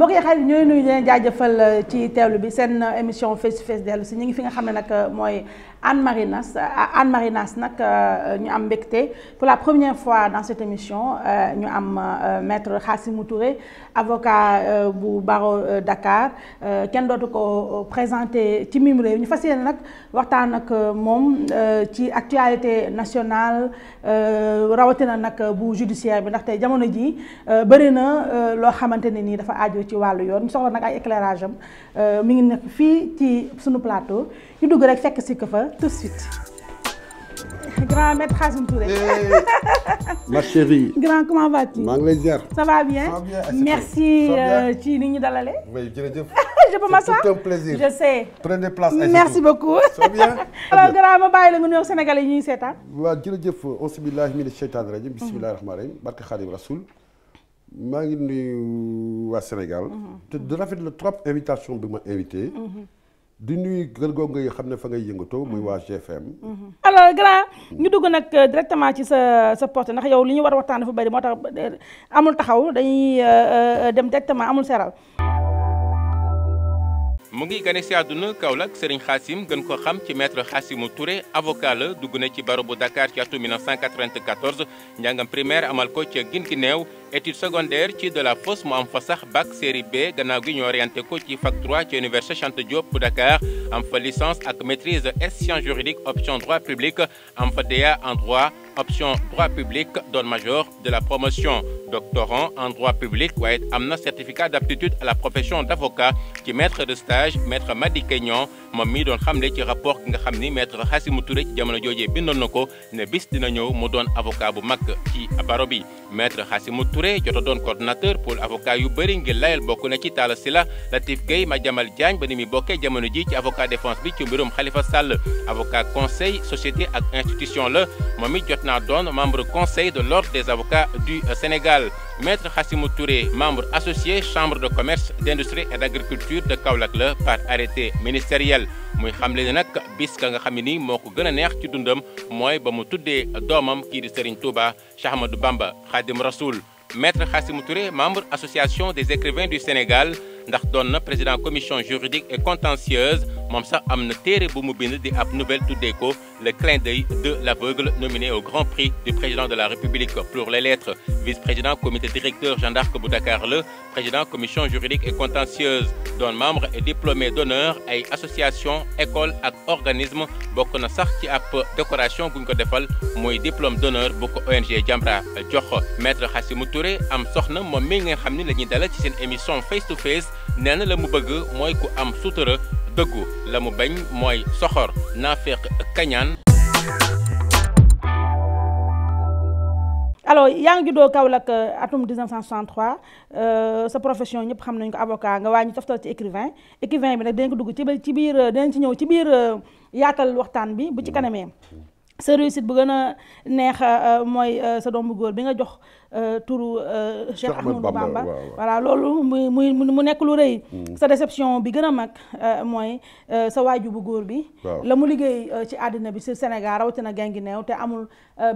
mbokk yi xel ñooy nuyu leen jaajëfal euh, ci teelu bi seen euh, émission face face dellu si ñu ngi fi nga xam ne nag euh, mooy Anne Marie Nas Anne Marie Nas ñu am mbégte pour la première fois dans cette émission ñu am maître Khassimou Touré avocat bu barreau Dakar kenn dootu ko présenté ci mim réew ñu fas yéene nag waxtaan ak moom ci actualité nationale rawatina nag bu judiciaire bi ndaxte jamono ji bëri na loo xamante ne nii dafa aajo ci wàllu yoon soxla nag ay éclairage am euh, mi ngi nekk fii ci sunu plateau ñu dugg rek fekk si ko fa tout de suite. grand maître Khassim Touré. Eh, ma chérie. grand comment vas-tu. maa ngi lay ziar. ça va bien. merci euh, ci ni ñu dalalee. oui jërëjëf. je peux m'asseoir c'est un plaisir. je sais. prenez place merci beaucoup. ça va bien. alors grand ma bàyyi la nga nuyoog Sénégalais yi ñuy seetaan. waaw jërëjëf. auzu billaahi mina sheytaani rajiim. Mhm. bismillaahi rahmaani rahiim. barke Xaadim Rasuul. maa ngi nuyu waa Sénégal. Mhm. te du rafet la trop invitation bi ma invité. Mhm. di nuyu gën googu nga xam ne fa ngay yëngatoo muy mhm. waa GFM. alors grand ñu dugg nag euh, directement ci sa sa porte ndax yow li ñu war a waxtaan dafa bari moo tax euh, amul taxaw dañuy euh, dem directement amul seral mu ngi gane si àdduna Kaolack Serigne Khassim gën ko xam ci maître Khassimou Touré avocat la dugg na ci barreau bu Dakar ci atum 1994 njàngam primaire amal ko ca Guinguinéo. étude secondaire ci de la fosse mu am fa sax bac série B gannaaw gi ñu orienté ko ci fac 3 ci université Cheikh Anta Diop bu Dakar am fa licence ak maîtrise S sciences juridiques option droit public am fa DEA en droit option droit public doon major de la promotion doctorant en droit public waaye am na certificat d'aptitude à la profession d'avocat ci maître de stage maître Madi Kegnon moom mi doon xamle ci rapport nga xam ni maître Hassimou Touré ci jamono joojee bindoon na ko ne dina ñëw mu doon avocat bu mag Touré jot a doon coordonnateur pôle avocat yu bëri ngir layal bokk na ci Talla Sylla Latif Gueye Madiambal Diagne ba ni muy bokkee jamono ji ci avocat défense bi ci mbirum Khalifa Sall avocat conseil société ak institution la moom it jot naa doon membre conseil de l'ordre des avocats du Sénégal maître Khassimou Touré membre associé chambre de commerce d'industrie et d'agriculture de Kaolack la par arrêté ministériel muy xamle ne nag bis ka nga xam ne nii moo ko gën a neex ci dundam mooy ba mu tuddee doomam kii Touba Cheikh Ahmadou Bamba Maître Khassimou Touré, membre Association des écrivains du Sénégal, ndax doon na président commission juridique et contentieuse moom sax am na téere bu mu bind di ab nouvelle tuddee ko le clin d'œil de l'aveugle nominé au grand prix du président de la république pour les lettres vice-président comité directeur Jeanne d'Arc bu Dakar la président commission juridique et contentieuse doon membre et diplômé d'honneur ay association école ak organisme bokk na sax ci ab décoration buñ ko defal muy diplôme d'honneur bokk ko ONG Jamra jox maître nee na la mu bëgg mooy ku am sutura dëggu la mu bañ mooy soxor naafeq kañaan. alors yaa ngi juddoo Kaolack euh, atum 1963 euh, sa profession ñëpp xam nañ ko avocat nga waa ñu toftal ci écrivain écrivain bi nag dañ ko dugg ci ci biir euh, dañ ci ñëw ci biir yaatal waxtaan bi bu ci kanamee sa réussite bu gën a neex mooy sa doom bu góor bi nga jox Euh, turu euh, Cheikh Ahmadou Bamba voilà loolu muy muy mu nekk lu rëy mm. sa déception bi gën a mag euh, mooy sa waaju bu góor bi la mu liggéey ci àddina bi si Sénégal rawatina Guinguinéo te amul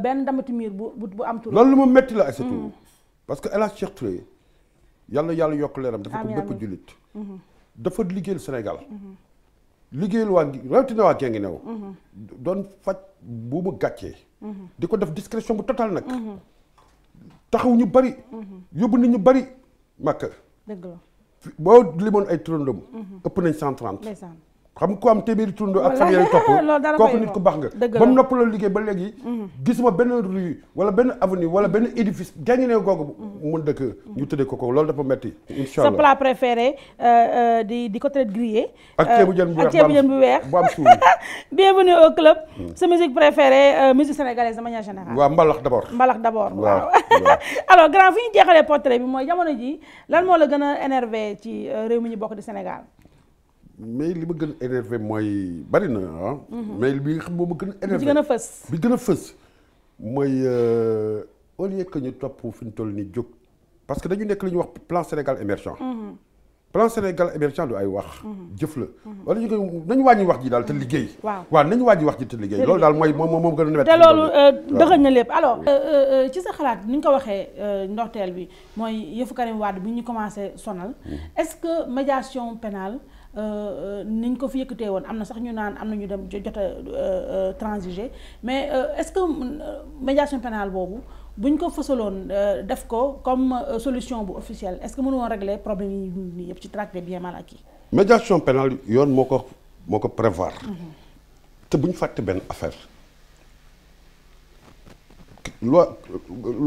benn damati miir bu bu am turu loolu lu ma métti la surtout mm. parce que El Hadj Cheikh Touré yàlla yàlla yokk leeram dafa ko bépp jullit mm-hmm. dafa liggéeyal Sénégal mm-hmm. liggéeyal waa rawatina waa Guinguinéo mm-hmm. doon faj bu mu gàccee di ko def discrétion bu total nag taxaw ñu bari. Mhm. yóbbu nit ñu bari màkk. dëgg la boo limoon ay turandoom. Mhm. ëpp nañ cent trente. xam ku am téeméeri turandoo ak fan yooyu topp kooku nit ku baax nga ba mu noppaloo liggéey ba léegi mhm. gisuma benn rue wala benn avenue wala benn édifice gàññi ne googu mhm. mun dëkk ñu tëddee ko ko loolu dafa metti incha allah sa plat préféré euh, euh, di di côtelette grillée ak euh, ceebu jën bu weex ak ceebu jën bu weex bu am suuf bienvenue au club mhm. sa musique préférée musique sénégalaise de manière générale waaw mbalax d' abord mbalax d' abord waaw alors grand fi ñu jeexalee portrait bi mooy jamono ji lan moo la gën a énervé ci réew mi ñu bokk di Sénégal mais li ma gën a mooy bari na ah. Mhm. mais li nga xam moom ma gën a énervé. bi gën a fës bi gën a fës. mooy euh, au lieu que ñu topp fi ñu toll nii jóg. parce que dañu nekk li ñuy wax plan Sénégal émergent. Mhm. plan Sénégal émergent du ay wax. Mhm. jëf la wala ñu koy nañu wàññi wax ji daal te liggéey. waaw waaw nañu wàññi wax ji te liggéey. loolu daal mooy moom moom gën a nawet. te loolu euh, dëgëñ na lépp alors. Euh, ci sa xalaat ni nga ko waxee ndorteel bi mooy yëfu Karim Wade bi ñu commencé sonal. est-ce que médiation pénale Euh, euh, niñ ko fi yëkkatee woon am na sax ñu naan am na ñu dem jot a euh, transiger mais est-ce que médiation pénale boobu buñ ko fësaloon def ko comme solution bu officielle est-ce que mënu woon régler problème yi nii yëpp ci traque des biens médiation pénale yoon moo ko moo ko prévoir. Mm-hmm. te bu ñu fàtte benn affaire. loi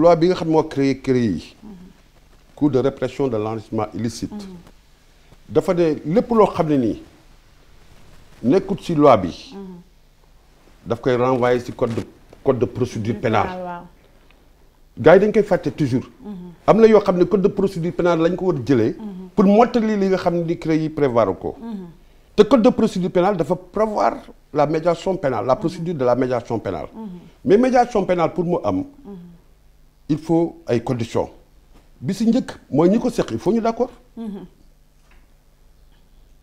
loi bi nga xam moo créé CREI yi. Mm-hmm. cour de répression de l'enrichissement illicite. Mm-hmm. dafa ne lépp loo xam ne nii nekkut si loi bi. daf koy renvoyer si code de code de procédure pénale. gars yi dañ koy fàtte toujours. Mm-hmm. am na yoo xam ne code de procédure pénale lañ ko war jëlee. Mm-hmm. pour mottali li nga xam ne ni CREI yi prévoir ko. Mm-hmm. te code de procédure pénale dafa prévoir la médiation pénale la procédure de la médiation pénale. mais médiation pénale pour mu am. il faut ay conditions. bi ci njëkk mooy ñi ko seq il ñu d'accord.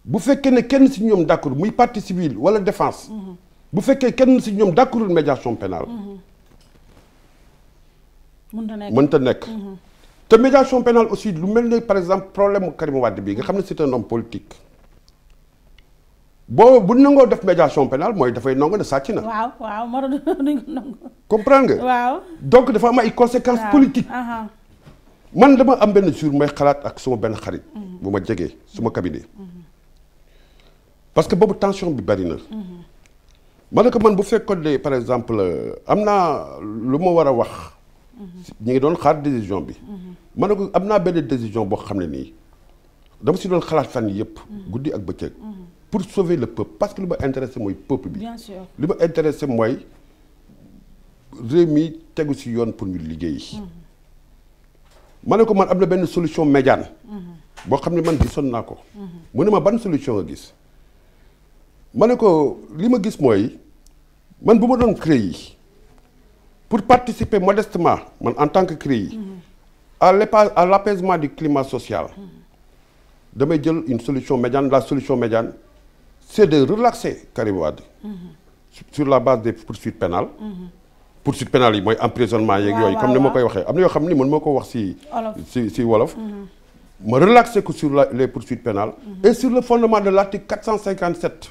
bu fekkee ne kenn si ñoom d'accord muy partie civile wala défense bu fekkee kenn si ñoom d'accordul médiation pénale mënta nekk mhm. te médiation pénale aussi lu mel ne par exemple problème Karim Wade bi nga xam ne si te homme politique boobu bu nangoo def médiation pénale mooy dafay nangu ne sàcc na. waaw waaw moo duñ ko nga. donc dafa am ay conséquences politiques. man dama am benn jour may xalaat ak suma benn xarit. Mhm. bu ma jegee suma cabinet. Mhm. parce que boobu tension bi bari na. ma ne ko man bu fekkoon de par exemple euh, am naa lu ma war a wax. ñu ngi doon xaar décision bi. ma a ko am naa benn décision boo xam ne nii dama si doon xalaat fan yëpp. guddi ak bëccëg. pour sauver le peuple parce que li intéressé mooy peuple bi. bien sûr li ma intéressé mooy mi tegu si yoon pour ñu liggéey. ma ne ko man am na benn solution médiane. boo xam ne man gisoon naa ko. mu ne ma ban solution nga gis. ma ne ko li ma gis mooy man bu ma doon CREI pour participer modestement man en tant que CREI à à l'apaisement du climat social damay jël une solution médiane la solution médiane c'est de relaxer Karim Wade sur la base des poursuites pénales poursuite pénale yi mooy emprisonnement yeeg yooyu comme ni ma koy waxee am na yoo xam ni man moo ko wax si si si wolof mhm. ma relaxer ko sur les mhm. et sur le fondement de l'article 457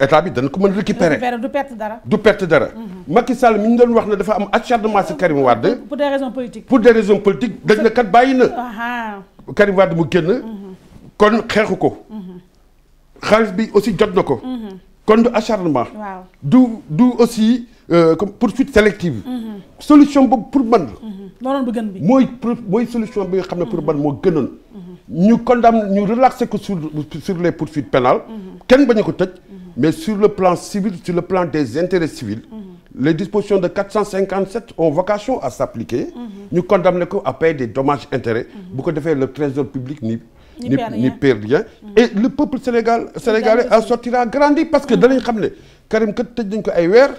état bi dañ ko mën récupérer du perte dara du perte dara mhm. Macky Sall mi ñu doon wax ne dafa am acharnement ci Karim Wade pour pour des raisons politiques dañ na kat bàyyi na Karim Wade mu génn mhm. kon xeexu ko mhm. xaalis bi aussi jot na ko kon du acharnement du du aussi euh, comme poursuite sélective solution boobu pour man la loolu gën bi mooy mooy solution bi nga xam ne pour man moo gënoon ñu condamne ñu relaxé ko sur sur les poursuites kenn bañ a ko tëj mais sur le plan civil sur le plan des intérêts civils les dispositions de 457 ont vocation à s'appliquer ñu condamné ko à payer des dommages intérêts bu ko defee le trésor public ni ni ni perd rien mm-hmm. et le peuple sénégal sénégalais en sortira grandi parce que danañ xam ne Karim kat tëj nañ ko ay weer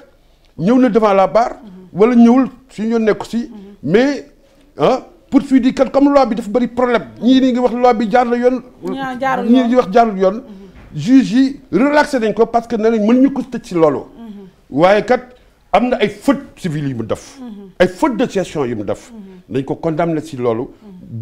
ñëw na devant la bar mm-hmm. wala ñëwul suñu yoon nekku si mm-hmm. mais ah poursuivi kat comme loi bi dafa bari problème ñii nii ngi wax loi bi jaar la yoon ñii ngi wax jaarul yoon juge yi relaxé nañ ko parce que nee nañ mën ñu ko tëj ci loolu. Mhm. waaye kat am na ay fautes civiles yu mu def. Mhm. ay fautes de gestion yu mu def. Mhm. dañ ko condamné ci loolu.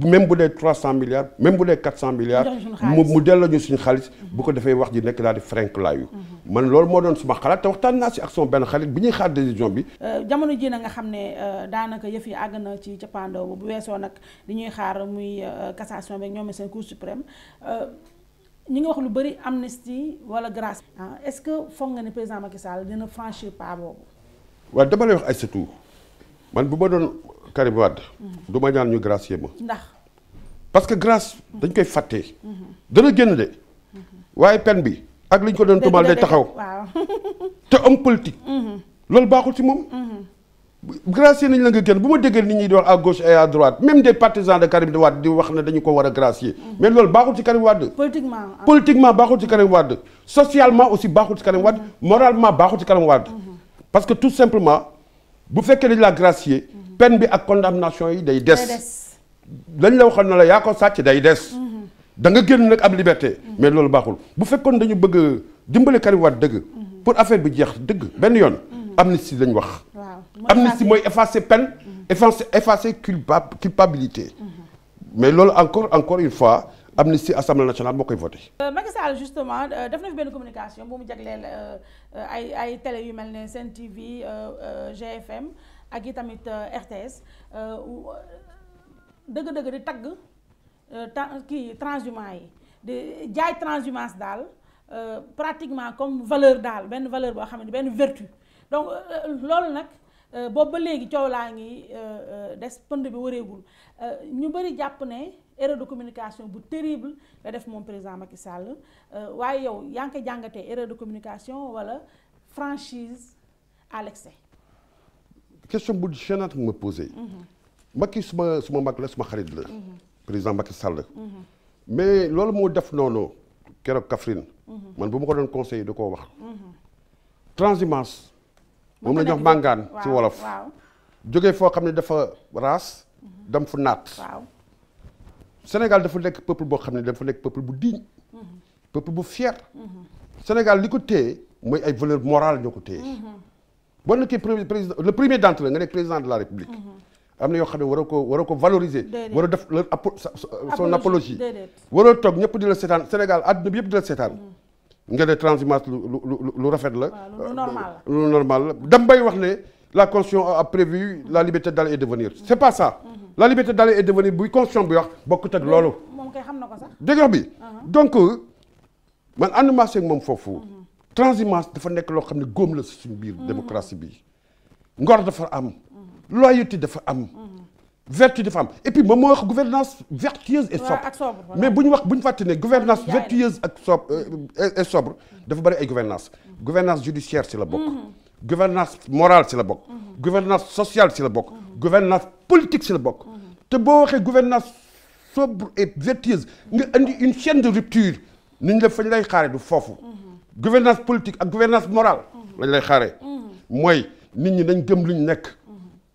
même bu dee trois cent milliards même bu dee quatre cent milliards. mu delloo ñu xaalis. bu ko defee wax ji nekk daal di frank laayu. man loolu moo doon suma xalaat te waxtaan naa si ak sama benn xarit bi ñuy xaar décision bi. Euh, jamono jii na nga xam ne euh, daanaka yëf yi àgg na ci cappaandaw bu weesoo nag di ñuy xaar muy euh, cassation beeg ñoom seen ñu ngi wax lu bëri amnistie wala grâce ah est-ce que foog nga ne président Macky Sall dina franchir pas boobu. waaw dama lay wax ay surtout man bu ma doon Karim Wade. Mhm. ñaan ñu gracier ma. ndax parce que grâce mhm. dañ koy fàtte. Mhm. dana génn de waaye peine bi ak li ñu ko doon tumal day taxaw. te homme politique. loolu baaxul ci moom. gracier nañ la nga gën bu ma déggee nit ñi di wax à gauche et à droite même des partisans de Karim di wax ne dañu ko war a gracier mm-hmm. mais loolu baaxul ci Karim Wade politiquement ah. politiquement baaxul ci Karim Wade socialement aussi baaxul ci Karim Wade mm-hmm. moralement baaxul ci Karim Wade mm-hmm. parce que tout simplement bu fekkee dañ la gracier peine bi ak condamnation yi day des lañ la waxoon na la yaa ko sàcc day des da nga génn nag am liberté mais loolu baaxul bu fekkoon dañu bëgg dimbale Karim Wade dëgg pour affaire bi jeex dëgg benn yoon amnistie lañ wax amnistie mooy effacer peine mm-hmm. effacer effacer culpa culpabilité mm-hmm. mais loolu encore encore une fois amnistie assemblée nationale moo koy voté. Euh, Macky Sall justement euh, def na fi benn communication bu mu jagleel euh, ay ay télé yu mel ne Sen TV GFM ak yi tamit RTS dëgg-dëgg di tagg kii transhumance yi di jaay transhumance daal pratiquement comme valeur daal benn valeur boo xam ne benn vertu donc loolu nag. Euh, boobu ba léegi coow laa ngi euh, euh, des pënd bi wareegul ñu bari jàpp ne erreur de communication bu terrible la def moom président Macky Sall waaye yow yaa ngi koy jàngatee erreur de communication wala franchise à l'excès. question bu gênante nga ma posé. Mm-hmm. Macky suma suma mag la suma xarit la. Mm-hmm. président Macky Sall. Mm-hmm. mais loolu moo def noonu keroog Kaffrine. man bu ma ko doon conseiller da koo wax. moom la ñu wax màngaan ci wolof jóge foo xam ne dafa raas mhm. dem fu naat Sénégal dafa nekk peuple boo xam ne dafa nekk peuple bu digne mhm. peuple bu fier mhm. Sénégal li ko téye mooy ay valeur morale ñoo ko téye boo nekkee premier président le premier d'entre eux nga nekk président de la république am na yoo xam ne waroo ko waroo ko valoriser waroo def leur son apologie waroo toog ñëpp di la seetaan Sénégal àdduna bi yëpp di la seetaan nga ne transhumance lu lu lu rafet la. lu normal la lu normal la dem bay wax ne la constitution a prévu la liberté d'aller et de venir c'est pas ça. Mhm. la liberté d'aller et de venir buy constitution bi wax bokkut ak loolu. moom xam na ko sax. bi uh-huh. donc euh, man ànduma moom foofu. Uh-huh. transhumance dafa nekk loo xam ne góom la si suñu biir. Uh-huh. démocratie bi ngor dafa am. loyauté dafa am. vertu de femmes et puis moom moo wax gouvernance vertueuse et sobre mais bu ñu wax bu ñu fàtte ne gouvernance vertueuse ak sobre euh, euh, et sobre dafa bëri ay gouvernance gouvernance judiciaire ci la bokk mhm. gouvernance morale ci la bokk mhm. gouvernance sociale ci la bokk mhm. gouvernance politique ci la bokk te boo waxee gouvernance sobre et vertueuse nga indi une chaîne de rupture ni ñu la fañ lay xaare du foofu gouvernance politique ak gouvernance morale lañ lay xaare mooy nit ñi nañ gëm lu ñu nekk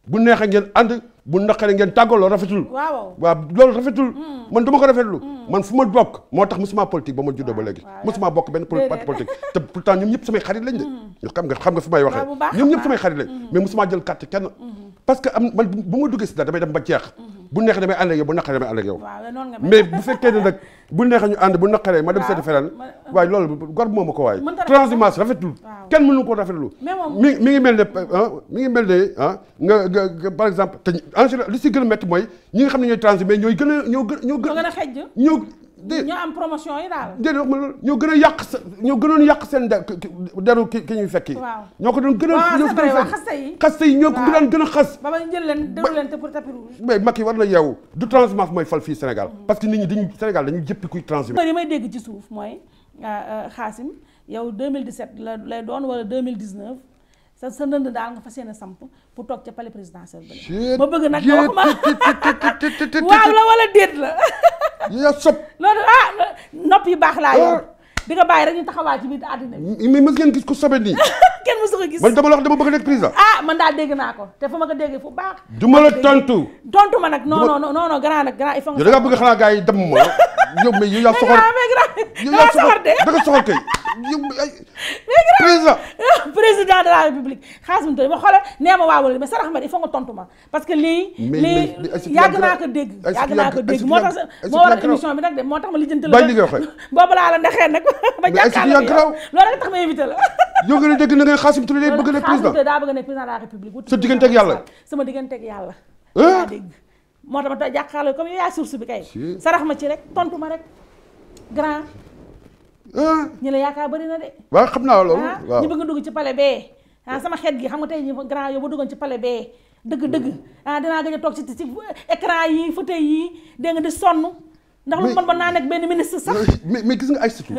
bu neexee ngeen ànd bu naqaree ngeen tàggaloo rafetul. waaw waaw loolu rafetul. Hmm. man dama ko rafetlu. Hmm. man fu ma bokk moo tax musuma politique ba ma juddoo ba léegi. musuma bokk benn parti politique. te pourtant ñoom ñëpp samay xarit lañ de. Hmm. xam nga xam nga fi waxee. ñoom ñëpp samay xarit lañ. mais musuma jël carte kenn. parce que am man bu ma duggee si dara damay dem ba jeex. Mhm. bu neexee damay ànd ak yow bu naqaree damay ànd ak yow. mais bu fekkee ne nag bu neexee ñu ànd bu naqaree ma dem seeti feneen. waaye loolu gor moomu ko waaye. transhumance rafetul. kenn mënu ko rafetlu. mi mi ngi mel ne ah, mi ngi mel ne ah nga nga par exemple te en général li si gën a métti mooy ñi nga xam ne ñooy transhumé ñooy gën a ñoo gën ñoo gën. ñoo de ñoo am promotion yi daal. déedéet wax ma loolu ñoo gën a yàq sa ñoo gënoon yàq seen deru ki ñuy fekki. waaw ñoo ko doon gën a. ñoo ko yi. ñoo ko daan gën a xas. ba ba jël leen déglu leen te pour tapis rouge. mais Macky war na yeewu du transhumance mooy fal fii Sénégal parce que nit ñi dañu Sénégal dañu jëppi kuy transhumé. li may dégg ci suuf mooy euh, euh, Xaasim yow 2017 la lay doon wala 2019. sa sa ndënd daal nga fa seen samp pour toog ca palais présidentiel bi ma bëgg nag waxuma waaw la wala déet la. ñu ne sëb. loolu ah nopp baax laa yor. Ah. di nga bàyyi rek ñu taxawaay ci biir àddina bi mais mës ngeen gis ku sobe nii kenn mësu ko gis man dama la dama bëgg nekk président ah man daal dégg naa ko yi dem soxor de ma xoolal nee ma ko dégg moo tax moo war émission bi nag de moo tax nag ba jàkkaarloo yow loolu rek tax ma la yow nga ne dégg na nga Xassim Touré day bëgg nekk président daa bëgg nekk président de la république sa digganteeg yàlla sama digganteeg yàlla yaa dégg moo tax ma ta jàkkaarloo comme yow yaa source bi kay sarax ma ci rek tontu ma rek grand ñu la yaakaar bëri na de waaw xam naa loolu ah, waaw ñu bëgg dugg ci pale bee ah, sama xeet gi xam nga tey ñi grand yow ba duggoon ci pale bee dëgg dëgg ah dinaa gëj a toog ci ci écran yi fauteuil yi dégg nga di sonn ndax lu man mën naa nekk benn ministre sax. mais mais gis nga ay surtout.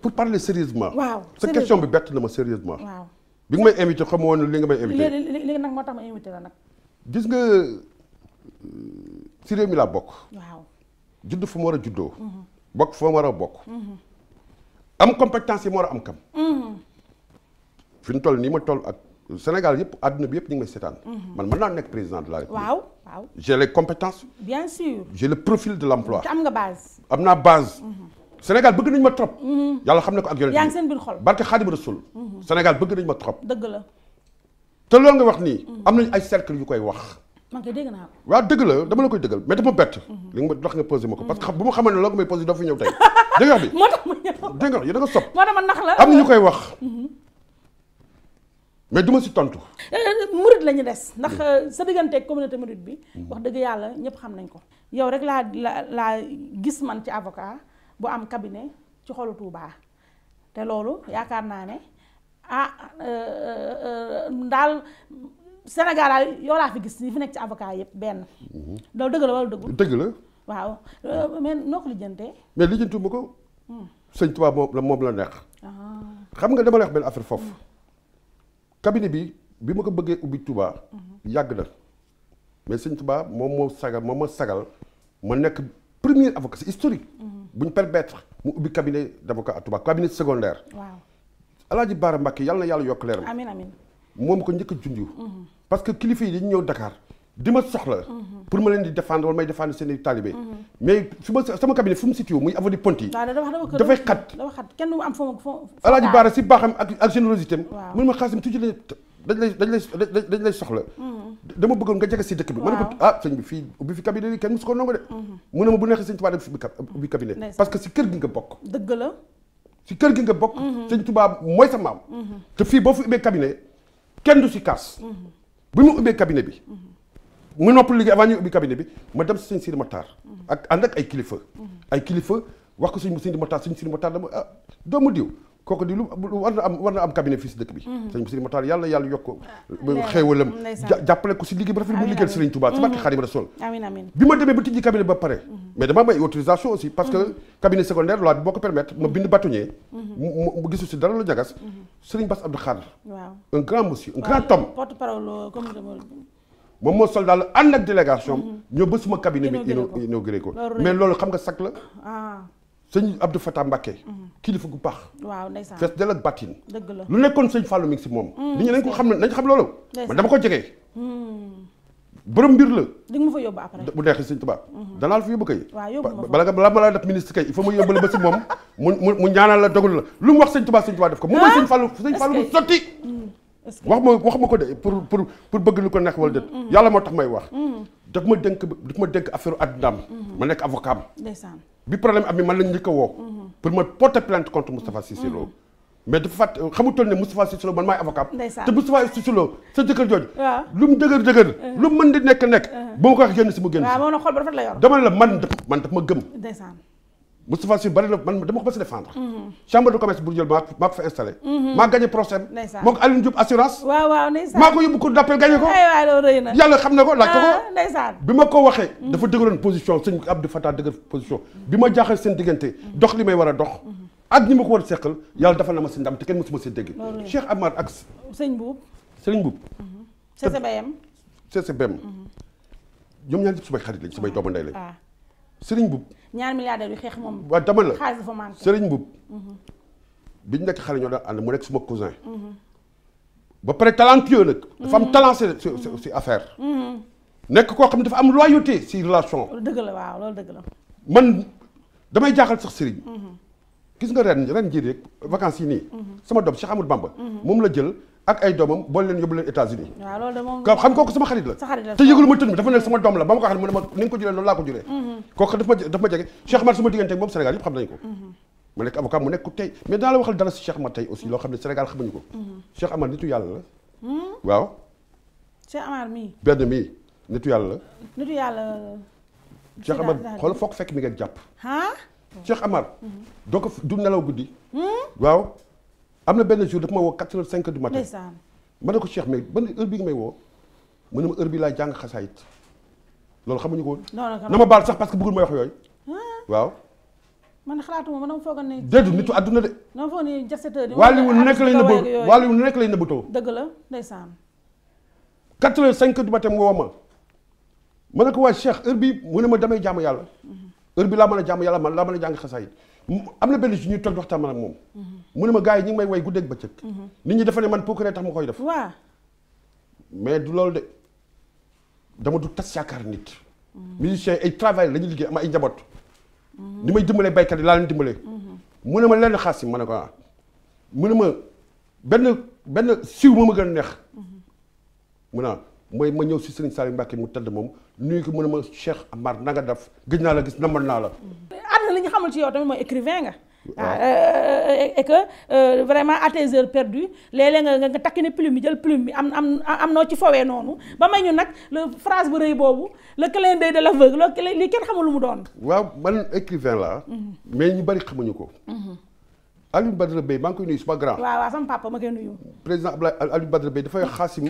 pour parler sérieusement sa question bi bett na ma sérieusement waaw bi nga may invité xam woon li nga may invité léegi nag moo tax ma invité la nag. gis nga si euh, réew laa bokk. waaw judd fu mu war a juddoo. bokk fu mu war a bokk. am compétence yi mu war a am kam. fi ñu toll nii ma toll ak. Sénégal yëpp àdduna bi yëpp ñu ngi may seetaan. Mhm. man mën naa nekk président de la République. waaw waaw j'ai les compétences. bien sûr j'ai le profil de l'emploi. am nga base. am naa base. Mhm. Sénégal bëgg nañu ma trop. Mhm. yàlla xam ne ko ak yonent. yaa ngi seen biir xol barke Xaadimu Rasuul. Sénégal bëgg nañu ma trop. dëgg te lool nga wax nii. am nañu ay cercle yu koy wax. man kay dégg naa ko. waaw dëgg la dama la koy dëggal mais dafa bett. li nga ma wax nga posé ma ko parce que bu ma xamoon ne loo yi da nga koy wax. mais du si tontu. Euh, murid la ñu des ndax euh, sa digganteeg communauté murid bi. wax dëgg yàlla ñëpp xam nañ ko. yow rek laa laa gis man ci avocat bu am cabinet ci xolu Touba te loolu yaakaar naa ne ah euh, daal Sénégal yow laa fi gis ñi fi nekk ci avocat yëpp benn. Mhm. loolu dëgg la wala dëggul dëgg la. waaw mais noo ko lijjantee. mais lijjantu ma ko. Hmm. sëñ Touba moom la moom la neex. Ah. xam nga dama lay wax benn affaire foofu. cabinet bi bi ma ko bëggee ubbi Touba. yàgg na mais sëñ Touba moom moo sagal moom ma sagal ma nekk premier avocat c'est historique. Mhm. bu ñu permettre mu ubbi cabinet d'avocat à Touba cabinet secondaire. waaw Alaaji Baara Mbàkke yàlla na yàlla yokk leeram. amiin amiin moom ko njëkk a mhm. parce que kilifa yi dañu ñëw dakaar di ma soxla. pour ma leen di défendre wala may défendre seen i talibé. mais su ma sama cabinet fu mu situé muy avenue Ponty. dafay xat kenn du am si baaxam ak am. waaw mën ma mm-hmm. bi. ma ne ko ah bi fii ubbi fi cabinet kenn mm-hmm. si kër gi nga bokk. dëgg mm-hmm. sa maam. te fii boo fi ubbee cabinet kenn du si kaas. bi mu ubbee cabinet bi mu noppal liggéey avant ñuy ubbi cabinet bi ma dem si sëñ Sidi Matar ak ànd ak ay kilifa ay kilifa wax ko sëñ Sidi Matar sëñ Sidi si ah, dëkk bi mhm. yàlla yàlla yokk ko ah, jàppale ko si liggéey bu rafet bu liggéeyal Sëriñ Touba si barke Xaadimu Rasuul amiin amiin bi ma demee ba tijji cabinet ba pare mhm. mais dama am ay aussi parce que mhm. cabinet secondaire loi bi boo ko permettre ma bind bâtonnier mu gisu si dara lu jagas Sëriñ Bass Abdou Khadre un moom moo soldat la ànd ak délégation mhm. ñoo ba suma cabinet bi inauguré ko mais loolu xam nga sac la ah. sëñ Abdou Fatah Mbacké mhm. kilifa gu baax waaw ndeysaan fees del ak bàttin dëgg la lu nekkoon sëñ Fallou mi ngi si moom mhm, nit ñi nañ ko xam ne nañ xam loolu hmm. la di nga ma fa yóbbu après bu neexee sëñ Tuubaa danaa la fa yóbbu kay bala nga bala ma la mu sotti hmm. wax ma wax ma ko de pour pour pour bëgg lu ko nekk wala déet. Mm-hmm. Mm-hmm. yàlla moo tax may wax. Mm-hmm. daf ma dénk daf ma dénk affaire àddunaam. ma nekk avocat bi problème amee man lañ njëkk a woo. pour ma porter plainte contre Moustapha Cissé Lo. mais dafa fàtt xamutoon ne Moustapha Cissé Lo man maay avocat am. te Moustapha Cissé Lo sa jëkkër jooju. waaw lu mu dëgër dëgër. Uh-huh. lu mu mën di nekk nekk. Uh-huh. boo ko wax génn si mu génn si. waaw moom nag xol ba dafa la dama la man daf ma gëm. Moustapha si bari na man dama ko mës a défendre. Mhm. chambre de commerce bu jël maa ko fa installé. Mhm. maa gagné procès bi. maa ko yóbbu cour d'appel gagné ko. yàlla xam na ko laaj ko ah, bi ma ko waxee. Mhm. dafa dëgëroon position sëñ Abdou Fattah dëgër position bi ma jaaxal seen diggante dox li may war a dox. ak ñi ma ko war a seqal yàlla defal na ma si ndam te kenn mosuma si dégg. loolu Cheikh Amar ak. sëñ Boub. sëñ Boub. CCBM. CCBM. ñoom ñaar ñëpp samay xarit lañ ah. Serigne Mboup. ñaar milliardaire yu xeex moom. waaw dama la xaalis dafa manqué Serigne Mboup. Mhm. nekk xale ñoo daan ànd mu nekk suma cousin. Mhm. ba pare talentueux nag. dafa am mhm. talent si si affaire. nekk koo xam ne dafa am loyauté si relation. dëgg la waaw loolu dëgg la. man damay jaaxal sax Serigne. gis nga ren ren jii rek vacances yi nii. sama doom Cheikh Amadou Bamba. moom la jël. ak ay doomam boole leen yóbbu leen États-Unis xam kooku sama xarit la te yëgul ma tën bi dafa ne sama doom la ba ma ko xam ne mu ne ko juree noonu laa ko juree mm-hmm. kooku daf ma jege Cheikh Amar sama diggante moom Sénégal yëpp xam nañu ko mu mm-hmm. nekk avocat mu nekk ku tey mais daa la waxal dara si Amar tey aussi loo xam ne Sénégal xamuñu ko mm-hmm. Cheikh Amar nitu yàlla la waaw Cheikh Amar mii benn mii la nitu yàlla Cheikh Amar xool foog fekk mi nga jàpp Cheikh Amar doo am na benn jour dafa ma woo quatre heures cinq du matin. ma ne ko Cheikh mais ban heure bii nga may woo mu ne ma heure bii laa jàng xasaayit loolu xamuñu ko woon. na ma baal sax parce que bëggul may wax yooyu. waaw. man xalaatuma man dama foog ne. déedéet nitu àdduna de. dama foog ne jas seetlu nañu. wàllu nekk lay nëbbu wàllu nekk lay nëbbutoo. dëgg la ndeysaan. quatre heures cinq du matin woo ma. ma ne ko waa Cheikh heure bi mu ne ma damay jàmm yàlla. Mhm. heure bi laa mën a jàmm yàlla man laa mën a am na benn si ñuy toog waxtaan a moom. mu ne ma gars yi ñu ngi may way guddeeg bëccëg. nit ñi dafa ne man puukaree tax ma koy def. waaw. mais du loolu de dama du tas yaakaar nit. musiciens ay travail la liggéey am ay njaboot. ni may dimbalee baykat yi laa leen dimbalee. mu ne ma lenn xaas yi ma a ko ah. mu ne ma benn benn siw ma ma gën a neex. Ah, ma ñëw si Serigne Saliou Mbacké mu tëdd moom nuyu ko mu ne ma Cheikh na def gëj naa la gis namoon naa la. na li ñu xamul ci yow tamit mooy écrivain nga waaw ah, euh, euh, et que euh, vraiment à tes heures perdues léeg-léeg nga nga takki ne plume bi jël plume bi am am am ci fowee noonu ba may ñu nag le phrase bu rëy boobu le clin d'œil de l'aveugle li kenn xamul lu mu doon. waaw man écrivain laa. Mhm. mais ñu bari xamuñu ko. Mhm. Alioune Badara Beye ba ngi koy nuyu suma grand. waaw waaw sama papa ma koy nuyu. président Abdoulaye Alioune Badara Beye dafay mhm. xaasim.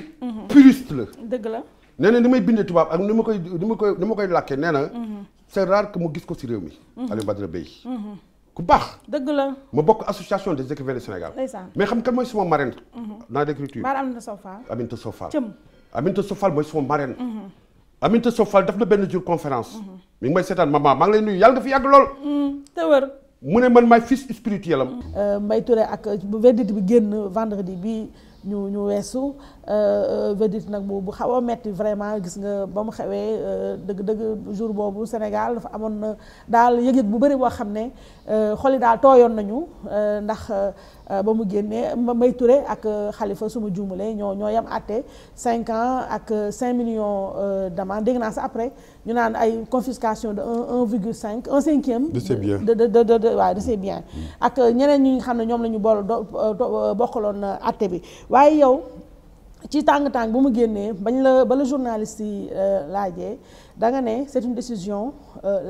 puriste la. dëgg la nee ni may bindee tubaab ak ni ma koy ni ma c'est rare que mu gis ko ci réew mi. Mhm. Aliou Badara Bèye. Mhm. ku baax. dëgg la ma bokk association des écrivains du Sénégal. mais xam kan mooy sama marraine. Mhm. dans l'écriture Mara Aminata Sow Fall. Aminata Sow Fall cëm. Aminata Sow Fall mooy sama marraine. Aminata Sow Fall def na benn jour conférence. mi may seetaan maman maa lay nuyu yàlla nga fi yàgg lool. te wër. mu ne man maay fils spirituel am. Euh, Mbaye ak bu verdict bi génn vendredi bi. ñu ñu weesu euh, euh, verdict nag bu bu xaw a metti vraiment gis nga ba mu xewee dëgg-dëgg euh, jour boobu Sénégal dafa amoon na daal yëg-yëg bu bëri boo xam ne xol yi daal tooyoon nañu ndax Euh, ba mu génnee Mbaye Touré ak euh, Khalifa suma juumale ñoo ñoo yam àtte cinq ans ak euh, cinq millions d'amende dégg naa sa après ñu naan ay confiscation de un un virgule cinq un cinquième de ses biens de de de de de ses biens mm. ak ñeneen ñi ngi xam ne ñoom la ñu bool bokkaloon àtte bi waaye yow ci tàng-tàng bu mu génnee bañ la ba la journaliste yi laajee danga nga ne c'est une décision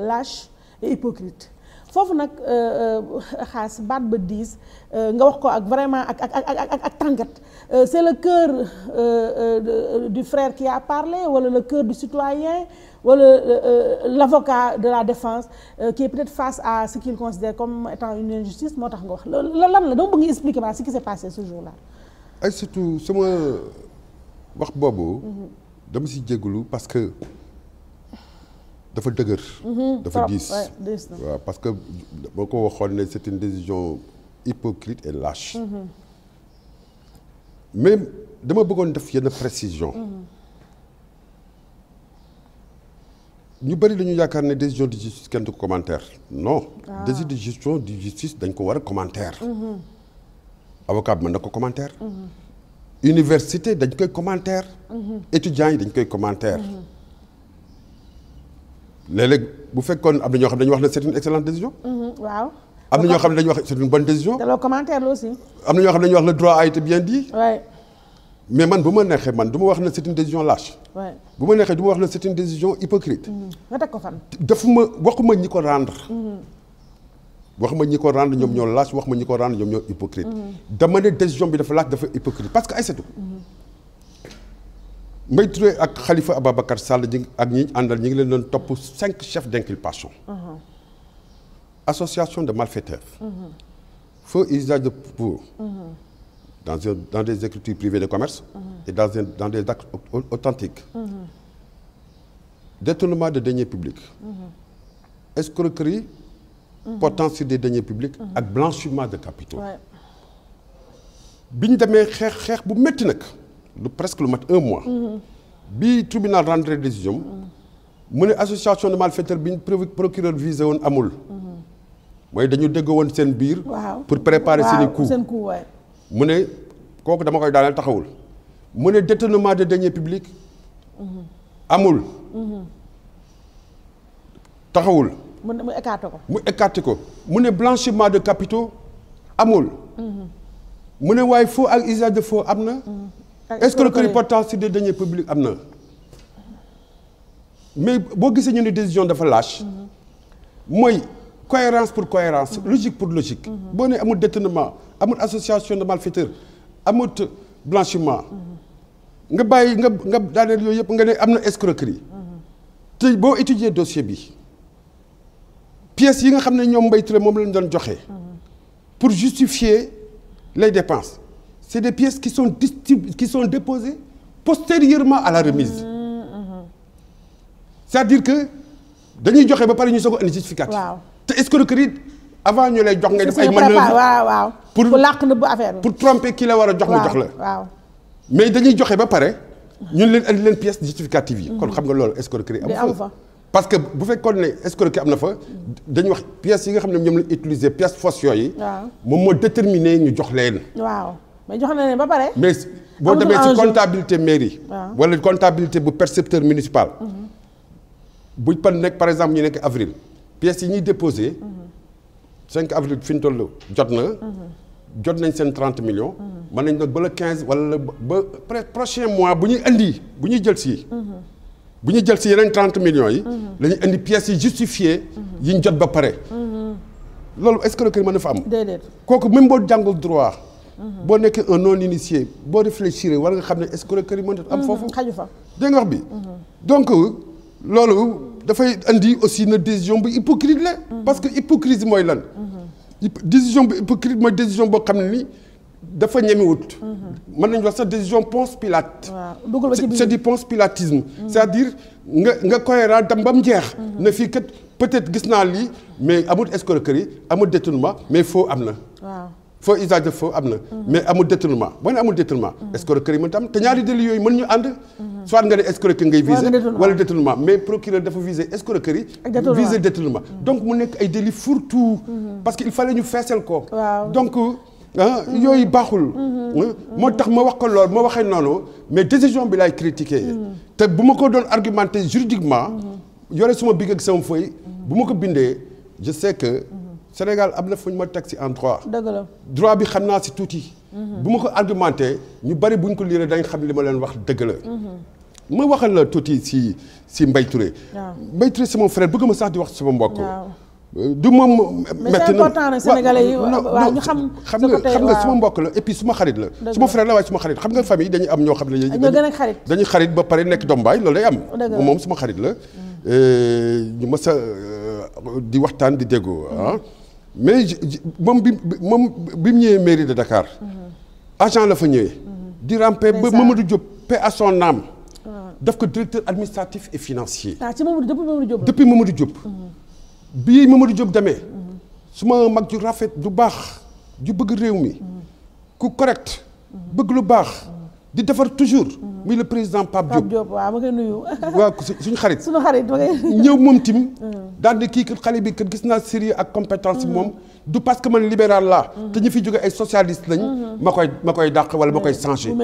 lâche et hypocrite foofu nag euh, euh, xaas baat ba diis euh, nga wax ko ak vraiment ak ak ak ak tàngat c'est le cœur du frère qui a parlé wala le cœur du citoyen wala l'avocat de la défense qui est peut-être face à ce qu'il considère comme étant une injustice moo tax nga wax lan la dama bëgg nga expliquer ma ce qui s'est passé ce jour-là. ay surtout sama wax boobu. Mhm. dama si jégalu parce que. dafa dëgër. Mhm, dafa diis waaw parce que boo ko waxoon ne c'est une décision hypocrite et lâche. mais mhm. dama bëggoon def yenn précision. Mhm. ñu bëri dañu yaakaar ne décision de justice kenn du ko commentaire non. Ah. décision de gestion justice dañ ko war a commentaire. avocat bi na ko commentaire. université dañ koy commentaire. étudiants yi dañ koy commentaire. léeg-léeg bu fekkoon am na ñoo wax ne mm-hmm. am na ñoo xam ne dañu wax c'est une bonne décision. te loo commentaire la aussi. am na ñoo xam ne dañu wax le droit a été bien dit. mais man bu ma neexee man du ma wax na c'est une décision lâche. waay bu ma neexee du ma wax ne c'est une décision hypocrite. Mm-hmm. nga teg ko fan. defuma waxuma ñi ko rendre. Mm-hmm. waxuma ñi ko rendre ñoom ñoo lâche waxuma ñi ko rendre ñoom ñoo hypocrite. dama ne décision bi dafa lâche dafa hypocrite parce que ay setu. Mbaye Touré ak Khalifa Ababacar Sall ñi ak ñi àndal ñi ngi leen doon topp cinq chefs d'inculpation uh-huh. association de malfaiteurs uh-huh. faux usage de pour uh-huh. dans un des écritures privées de commerce et dans des actes authentiques détournement de deniers publics escroquerie portant sur des deniers publics ak blanchiment de capitaux bi ñu demee xeex xeex bu métti nag lu presque lu mat un mois. bi tribunal rentré décision mu ne association de malfaiteurs bi pro procureur visé woon amul. mooy dañu dégg woon seen biir. pour préparer seen i mu ne kooku dama koy daaneel taxawul. mu ne détournement de deniers publics. amul. taxawul. mu mu écarté ko. mu écarté ko mu ne blanchiment de capitaux amul. mu ne waaye faux ak usage de faux am na. escroquerie portant sur des deniers publics am na mais boo gisee ñu ne décision dafa lâche mooy cohérence pour cohérence logique pour logique boo ne amul détournement amul association de malfaiteurs amul blanchiment nga bàyyi nga nga daaneel yooyu yëpp nga ne am na escroquerie te boo étudier dossier bi pièces yi nga xam ne ñoom Mbaye Touré moom lañ doon joxe pour justifier les dépenses c'est des pièces qui sont distribuées qui sont déposées postérieurement à la remise. Mmh, mmh. c'est-à-dire que dañuy joxe ba pare ñu soog a indi justificatif. waaw te escroquerie avant ñu lay jox nga def ay manœuvres waaw waaw pour làq na bu affaire pour tromper ki la war a jox mu jox la. waaw mais dañuy joxe ba pare ñun leen indi leen pièces justificatives yi. kon xam nga loolu escroquerie am parce que bu fekkoon ne escroquerie am na fa dañuy wax pièces yi nga xam ne ñoom la utiliser pièces fausses yooyu. moom moo déterminer ñu jox leen. waaw. mais jox na leen ba pare. mais boo demee ci comptabilité mairie. wala comptabilité bu percepteur municipal. Mhm. buñ pan nekk par exemple ñu nekk avril pièces yi ñuy déposé. 5 mhm. avril fi ñu toll jot na. Mhm. jot nañ seen 30 millions. mën nañ nag ba le 15 wala ba prochain mois bu ñuy indi bu ñuy jël si. bu ñuy jël si yeneen 30 millions yi. lañu indi pièces yi justifiées. yi ñu jot ba pare. loolu escroquerie mën na fa am. kooku même boo jàngul droit. boo nekkee un non initié boo réfléchir war nga xam ne escroquerie mën na am mhm, foofu. xaju fa dégg nga wax bi. Mhm. donc euh, loolu dafay indi aussi na décision bu hypocrite le mhm. parce que hypocrisie mooy lan. décision bu hypocrite mooy décision boo xam ne ni dafa ñemewut. mën nañu wax sax décision ponce pilate. waaw c'est du ponce pilatisme. c'est-à-dire nga nga cohérent dam ba mu jeex. na fii kat peut-être gis naa lii mais amul escroquerie amul détournement mais faux am na. feu a de feu am na mais amul détournement boo ne amul détournement mm-hmm. escroquerie mën ta am te ñaari délit yooyu mën ñu ànd mm-hmm. soit nga ne escroquerie ngay visé wala détournement mais procureur dafa visé escroquerie visé détournement mm-hmm. donc mu nekk ay délit fourre-tout parce que il fallait ñu feesal ko donc ah, yooyu baaxul ah, moo tax ma wax ko lool ma waxee noonu mais décision bi laay critiqué te bu ma ko doon argumenté juridiquement yore suma big ak sama feuille bu ma ko bindee je Sénégal am na fu ñu ma teg si en droit. dëgg la droit bi xam naa si tuuti. Mhm. bu ma ko argumenté ñu bari bu ñu ko liiree dañ xam li ma leen wax dëgg la. Mhm. ma waxal la tuuti si si Mbaye Touré. waaw Mbaye Touré sama frère bëgg ma sax di wax sama mbokk. Euh, du moom métti na mais sénégalais yi waaw ñu xam xam nga xam nga suma la et puis suma xarit la suma frère la waaye suma xarit xam nga famille dañuy am ñoo xam ne dañuy xarit ba pare nekk dombaay loolu day am moom suma xarit la mm. euh, ñu mës euh, di waxtaan di déggoo ah. mm. mais moom bi moom bi mu ñëwee mairie de Dakar. Mhm. agent la fa ñëwee. Mhm. di rampe ba Mamadou Diop paix à son naam daf ko directeur administratif et financier. ah ci Mamadou depuis Mamadou Diop. depuis Mamadou Diop. Mhm. bii Mamadou Diop demee. su ma mag ju rafet du baax ju bëgg réew mi. ku correct. bëgg lu baax. di defar toujours. muy le président Pape Diop Pape Diop waaw ma koy nuyu. waaw suñu xarit suñu xarit ñëw moom tim hmm. daal di kii kat xale bi kat gis naa sérieux ak compétence hmm. moom. du parce que man libéral la hmm. te ñu fi jóge ay socialiste lañ. ma koy ma koy dàq wala ma koy changer.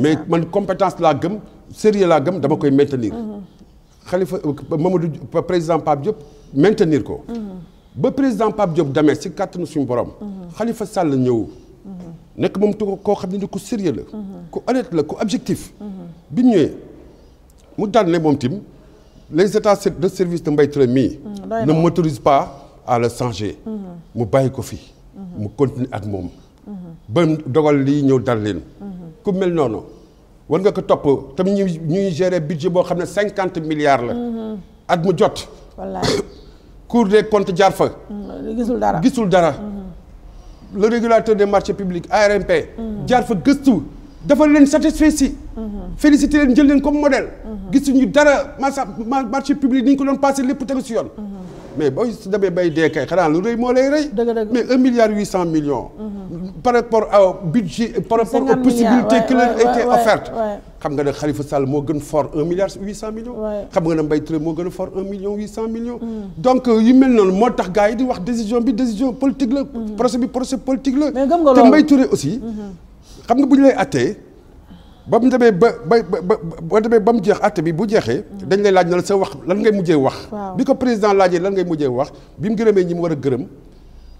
mais man compétence laa gëm sérieux laa gëm dama koy maintenir. Khalifa euh, Mamadou euh, président Pape Diop maintenir ko. ba président Pape Diop demee si kàttanu suñu borom. Khalifa Sall ñëw. nekk moom tu koo xam ne ni ku sérieux la ku honnête la ku objectif bi ñu mu daan ne moom tim les états de service de Mbaye Touré mii mm, ne m'autorise pas à le changer mm-hmm. mu bàyyi ko fii mm-hmm. mu continuer ak moom mm-hmm. ba dogal lii ñëw dal leen ku mel noonu war nga ko topp tamit ñu ñuy gérer budget boo xam ne cinquante milliards la at mu jot cour des comptes jaar fa mm, gisul dara gisul dara le régulateur des marchés publics ARMP. jaar fa gëstu dafa leen satisfait si. félicité leen jël leen comme modèle. Mhm. gisuñu dara marché marché public ni ñu ko doon passé lépp tegu si yoon. mais booy su demee bay dee kay xanaa lu rëy moo lay rëy. mais un milliard huit cent millions. Mhm. par rapport au budget par rapport aux possibilités qui leur étaient xam nga ne Khalifa Sall moo gën fort un milliard huit cent millions. xam nga ne Mbaye Touré moo gën a fort un million huit cent millions. Mm. donc euh, yu mel noonu moo tax gars yi di wax décision bi décision politique la. Mm. procès bi procès politique la. mais te Mbaye Touré aussi. Mm-hmm. xam nga bu lay attee. ba mu demee ba ba ba ba demee ba mu jeex àtte bi bu jeexee. dañ lay laaj na la sa wax lan ngay mujjee wax. bi ko président laajee lan ngay mujjee wax bi mu gërëmee ñi mu war a gërëm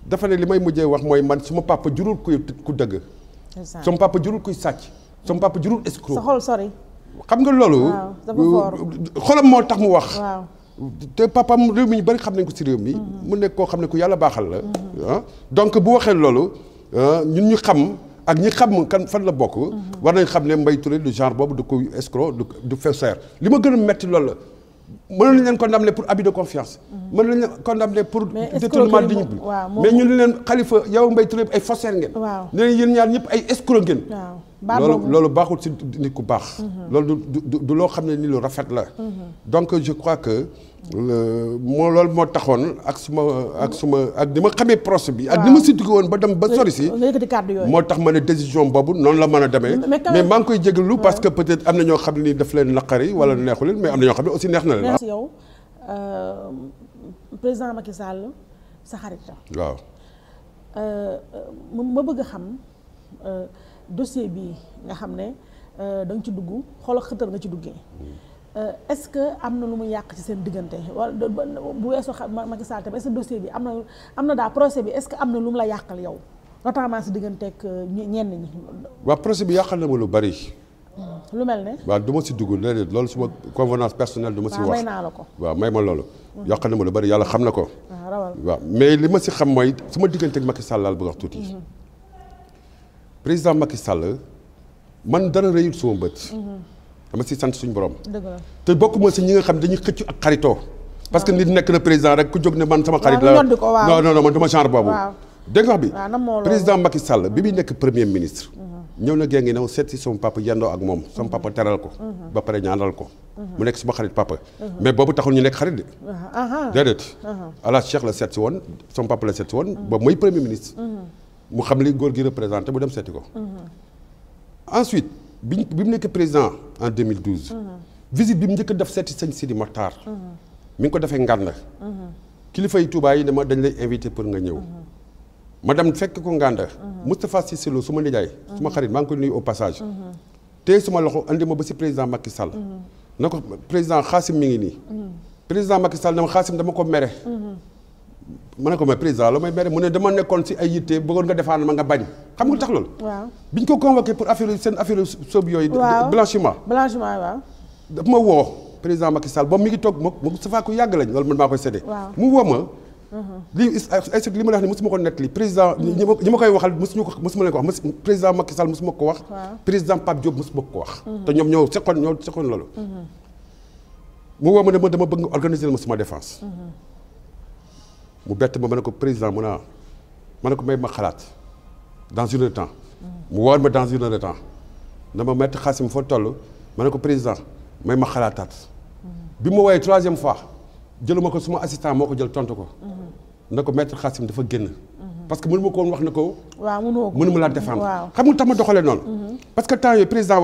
dafa ne li may mujjee wax mooy man suma papa jurul kuy ku dëgg. sama papa jurul kuy sàcc. sama papa jurul escroc. sa xol sori. xam nga loolu. xolam moo tax mu wax. te papam réew mi ñu bari xam nañ ko si réew mi. Mm-hmm. mu nekk koo xam ne ku yàlla baaxal la. Mm-hmm. Ah, donc bu waxee loolu ah, ñun ñu xam. ak ñi xam kan fan la bokk. Mhm. war nañ xam ne mbay Touré du genre boobu du ko escroc du du faussaire li ma gën a metti loolu la. mënuñu leen condamné pour abus de confiance. Mm-hmm. mënuñu leen condamné pour. détournement digne bi mais ñu leen xalifa yow Mbaye Touré ay faussaires ngeen. leen yéen ñaar ñëpp ay escrocs ngeen. loolu loolu baaxul si nit ku baax. Mm-hmm. loolu du loo xam ne ni lu rafet la. Mm-hmm. donc je crois que. loolu moo taxoon ak suma ak suma ak ni ma xamee procès bi. ak ni ma situé woon ba dem ba sori si. moo tax ma ne décision boobu noonu la mën a demee. mais maa ngi koy jégalu parce que peut-être am na ñoo xam ne daf leen naqari wala na ne si yow euh, président Macky Sall sa xarit la. waaw. Euh, ma bëgg a xam euh, dossier bii nga xam ne da nga ci dugg xoolal xëtër nga ci duggee. est-ce que am na lu mu yàq ci seen diggante wala bu weesoo xam Macky Sall tamit est-ce que dossier bi am na am na daa procès bi est-ce que am na lu mu la yàqal yow notamment si digganteeg ñenn ñi. waaw procès bi yàqal na ma lu bari. Hmm. lu mel ne. waaw du ma si dugg nee loolu suma convenance personnelle du ma si wax. waaw may ko waaw may ma loolu. Hmm. yàq na ma lu bari yàlla xam na ko. waa ah, rawal mais li ma si xam mooy suma diggante ak Macky Sall laal bëgg wax tuuti. Hmm. président Macky Sall man dara rëyul suma bët. dama si sant suñu borom. dëgg la te bokkuma si ñi nga xam dañuy xëcc ak xaritoo. parce que ah. nit nekk na président rek ku jóg ne man sama ah, xarit la non non non man duma genre boobu. dégg nga wax bi président Macky Sall bi muy nekk premier ministre. ñëw na gée ngi naw seet si sama papa yendoo ak moom sama papa mhm. teral ko mhm. ba pare ñaanal ko mhm. mu nekk suma xarit papa mais boobu taxul ñu nekk xarit de ah, ah, ah. déedéet uh-huh. ala Cheikh la seet si woon sama papa la seet si woon ba mooy premier ministre mu xam li góor gi représenté mu dem seeti ko ensuite bi bi mu nekk président en 2012 visite bi mu njëkk def seeti sëñ ma Mokhtar mi ngi ko defee Nganda kilifa yi Touba yi dama dañ lay invité pour nga ñëw ma dem fekk ko Nganda. Mhm. Moustapha Cissé Lo su ma nijaay. Mhm. su ma xarit maa ngi koy nuyu au passage. Mhm. tey suma loxo andi ma ba si président Macky Sall. na ko président Xaasim mi ngi nii. président Macky Sall na ma Xaasim dama ko mere. ma ne ko mais président la may mere mu ne dama nekkoon si ay yitte bëggoon nga defaan a nga bañ. xam nga tax loolu. waaw bi ñu ko convoqué pour affaire seen affaire soob yooyu. blanchiment blanchiment waaw. daf ma woo président Macky Sall boobu mi ngi toog moom Moustapha ku yàgg lañ loolu man maa ma. lii ay li ma la wax ne mosuma ko nettali président ñi ma koy waxal mosuñu ko mosuma leen ko wax mos président Macky Sall mosuma ko wax président Pape Diop mosuma ko wax mm-hmm. te ñoom ñoo seqoon ñoo seqoon loolu mm-hmm. mu woo ma ma dama bëgg ma suma défense mm-hmm. ne ko ma ne xalaat dans une heure de temps mu woor ma dans une heure de temps dama metti xaasim fa toll ma ne ko président may ma xalaatat bi ma woowee troisième fois jëluma ko suma assistant moo ko jël tontu ko. na ko maître Khassim dafa génn. parce que mënu ma wax na ko. waaw mënoo laa défendre. xam nga tax ma doxalee noonu. Mhm. parce du président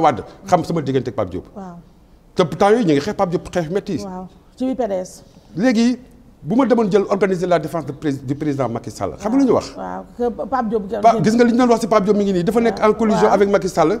Wade xam sama diggante mhm. te temps yooyu ñu ngi xeex Pape Diop xeex métti. waaw ci biir ma demoon jël organiser la défense du président Macky Sall. xam nga lu ñu wax. waaw Pape gis nga li doon wax si Pape Diop mi ngi nii dafa nekk en collision avec Macky Sall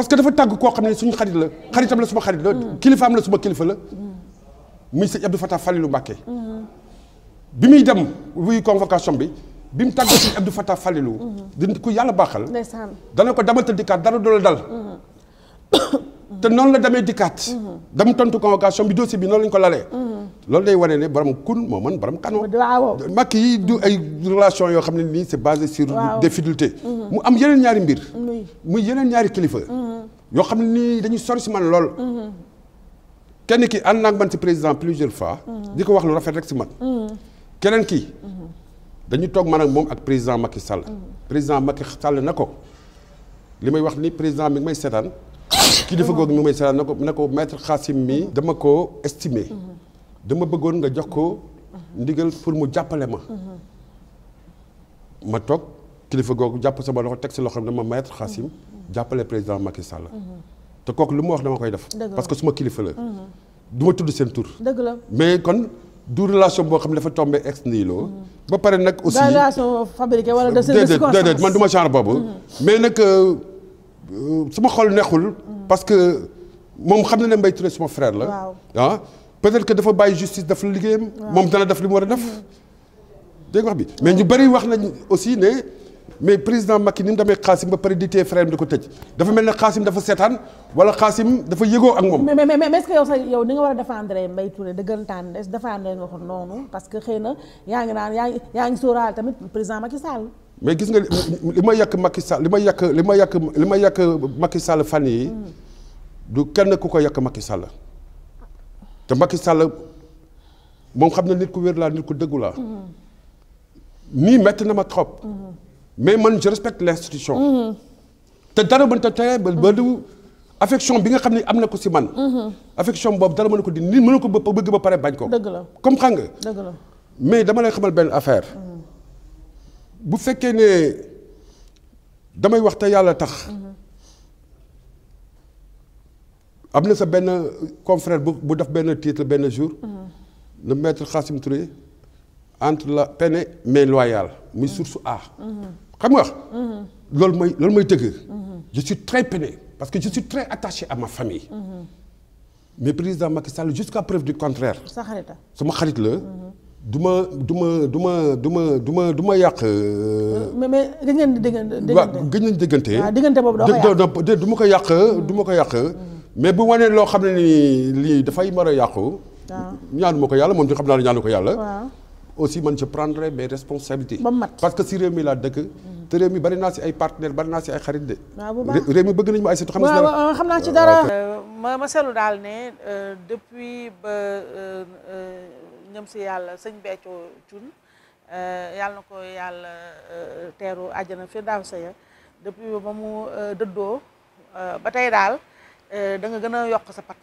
parce que dafa tàgg koo xam ne suñu xarit la xaritam la suma xarit la kilifaam la suma kilifa la muy sëñ Abdou Fatah Falilou Mbacké bi muy dem wuy convocation bi bi mu tàgg sëñ Abdou Fatah Falilou di ku yàlla baaxal dana ko demal te dikkaat dara doo la dal mm-hmm. te noonu la demee dikkaat dem mm-hmm. tontu convocation bi dossier bi noonu lañ ko lalee mm-hmm. loolu day wane ne borom kun moo man borom kan waaw makk yi du ay relation yoo xam ne nii c'est basé sur des fidélités mhm. mu am yeneen ñaari mbir muy yeneen ñaari kilifa mhm. yoo xam ne nii dañuy sori si man lool mhm. kenn ki ànd naa man si président plusieurs fois di ko wax lu rafet rek si man keneen ki dañu toog ma nag moom ak président Macky Sall président Macky Sall na ko li may wax ni président mi ngi may seetaan kilifa googu mi ngi may seetaan na ko mu ko maître Khassim mi dama ko estimé dama bëggoon nga jox ko ndigal pour mu jàppale ma ma toog kilifa googu jàpp sama loxo teg si loxo dama maître Khassim jàppale président Macky Sall te kooku lu ma wax dama koy def parce que suma kilifa la mhm. du ma tudd seen mais kon du relation boo xam ne dafa tombé ex nihilo ba pare nag aussi relation fabriquée wala man du ma genre boobu mhm. mais nag euh, euh, su ma xol neexul mhm. parce que moom xam na ne Mbaye Touré suma frère la ah peut-être que dafa bàyyi justice daf la liggéeyam. moom dana def li mu war a def. dégg wax bi mais ñu bëri wax nañ aussi ne mais président Macky ni mu demee Xaasim ba pare di téye frère di ko tëj dafa mel ne Xaasim dafa seetaan wala Xaasim dafa yëgoo ak moom. mais mais mais est-ce que yow sa yow ni nga war a défendre Mbaye Touré dëggantaan est-ce que défendre nga ko noonu parce que xëy na yaa ngi naan yaa ngi yaa ngi sóoraale tamit président Macky Sall. mais gis nga li ma yàkk Macky Sall li ma yàq li ma yàq li ma yàq Macky Sall fan yi hmm. du kenn ku ko yàq Macky Sall. te Macky Sall moom xam ne nit ku wér laa nit ku dëggu laa. nii metti na ma trop. mais man je respecte l'institution. te dara mënta tere ba ba du affection bi nga xam ne am na ko si man. affection boobu dara mën ko di nit mën ko bëgg ba pare bañ ko. dëgg la comme xam nga. dëgg mais dama lay xamal benn affaire. Mm-hmm. bu fekkee ne damay wax te yàlla tax. Mm-hmm. am na sa benn confrère bu bu def benn titre benn jour. Mm-hmm. le maître Khassim Touré entre la peine mais loyale muy mm-hmm. source A. Mm-hmm. xam nga loolu mooy loolu mooy dëgg. je suis très peiné parce que je suis très attaché am ma famille. mais président Macky Sall jusqu'à preuve du contraire. sa xarit la xarit la. du ma du ma du ma du ma du ma du ma yàq. Euh, mais mais gëj ngeen di déggante. waaw gëj ngeen di déggante. waaw diggante boobu doo ko yàq du ma ko yàq du ma ko yàq. mais bu wanee loo xam ne ni lii dafay mar a yàqu. ñaanuma ko yàlla moom ci xam naa ne ñaanu ko yàlla. aussi man je prendrai mes responsabilités. ba mat parce que si réew mi laa dëkk. Mhm. te réew mi bari naa si ay partenaires bari naa si ay xarit de. réew mi bëgg nañu ma ay surtout. xam naa si dara euh, ma ma seetlu daal ne euh, depuis ba euh, ñëm si yàlla sëñ Béthio Thioune yàlla na ko yàlla teeru àjjana fi daaw sa ya depuis ba mu dëddoo ba tey daal. Eh, da nga gën a yokk sa pat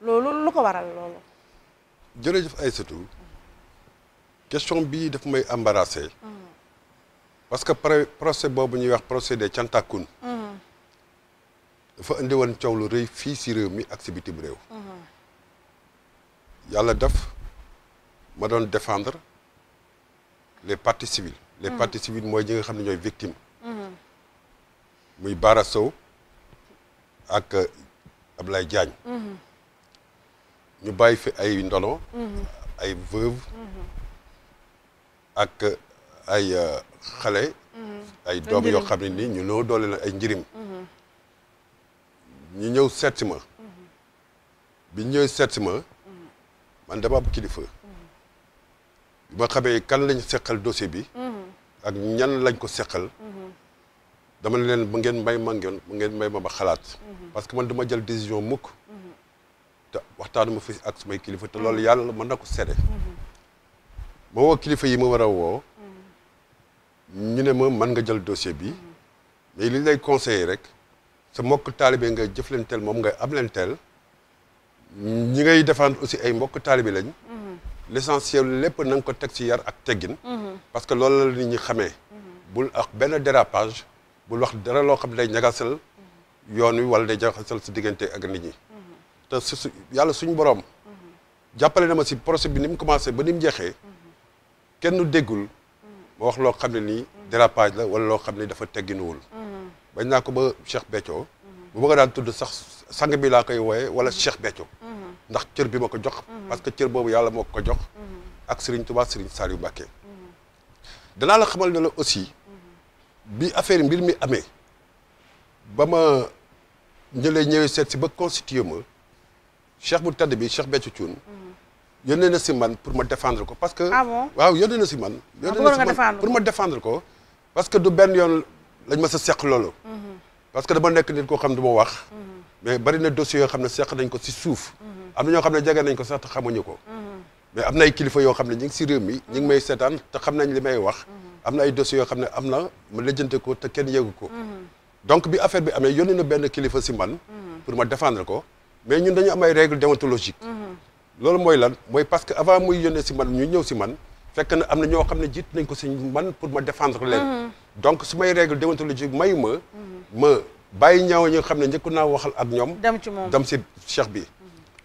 loolu lu ko waral loolu. jërëjëf Aïssatou question bii daf may embarrassé. Mm. parce que procès boobu ñuy wax procès des Thiantakoun. Mm. dafa indi woon coow lu rëy fii si réew mi ak si bitim réew. Mm-hmm. yàlla def ma doon defendre les parties civiles. les mm. parties civiles mooy ñi nga xam ne ñooy victime. Mm-hmm. muy Bara ak. Ablaye Diagne ñu bàyyi fi ay ndono ay veuve ak ay euh, xale ay doom yoo xam ne ni ñu noo doole na ay njirim ñu ñëw seet ma bi ñëw seet ma man dama am kilifa bi ma xamee kan lañ seqal dossier bi ak ñan lañ ko seqal dama ne leen ba ngeen may ma ngeen ngeen may ma ba xalaat. parce que man dama jël décision mukk te waxtaanu ma fi ak sumay kilifa te loolu yàlla man na ko seede. ma woo kilifa yi ma war a woo. ñu ne ma mën nga jël dossier bi. mais li lay conseiller rek sa mbokk taalibe nga jëflanteel moom ngay am leen teel ñi ngay défendre aussi ay mbokk taalibe lañ. l'essentiel lépp na ko teg ci yar ak teggin. Mhm. parce que loolu la nit ñi xamee. bul ak benn dérapage. bul wax dara loo xam ne day ñagasal yoon wi wala day ñagasal si diggante ak nit ñi te su yàlla suñu borom jàppale na ma si projet bi ni mu commencé ba ni mu jeexee kenn déggul ma wax loo xam ne nii dérapage la wala loo xam ne dafa tegginuwul bañ naa ko ba Cheikh Béthio bu ma ko daan tudd sax sang bi laa koy wooye wala Cheikh becco ndax cër bi ma ko jox parce que cër boobu yàlla moo ko jox ak Serigne Touba Serigne Saliou Mbacké danaa la xamal ne la aussi bi affaire mbir mi amee ba ma ñëlee ñëwee seet si ba constitué ma cheikh bu tedd bi cheikh Béthio Thioune. Mm. yónnee na si man pour ma défendre ko parce que. ah bon waaw yónnee na si man. Ah, yónnee na pour ma défendre ko. parce que du benn yoon lañ ma sa seq loolu. Mm-hmm. parce que dama nekk nit koo xam du ma wax. Mm-hmm. mais bari na dossiers yoo xam ne seq nañ ko si suuf. Mm-hmm. am na ñoo xam ne jege nañ ko sax te xamuñu ko. mais am na kilifa yoo xam ne ñu ngi si réew mi. ñu ngi may seetaan te xam nañ li may wax. am na ay dossiers yoo xam ne am na ma lijjante ko te kenn yeggu ko. donc bi affaire bi amee yónni na benn kilifa si man. pour ma défendre ko mais ñun dañu am ay règles déontologiques. loolu mooy lan mooy parce que avant muy yónnee si man ñu ñëw si man fekk na am na ñoo xam ne jiit nañ ko si man pour ma défendre leen. donc su may règle déontologique may ma. ma bàyyi ñaaw ñi xam ne njëkku naa waxal ak ñoom. dem ci moom dem si cheikh bi.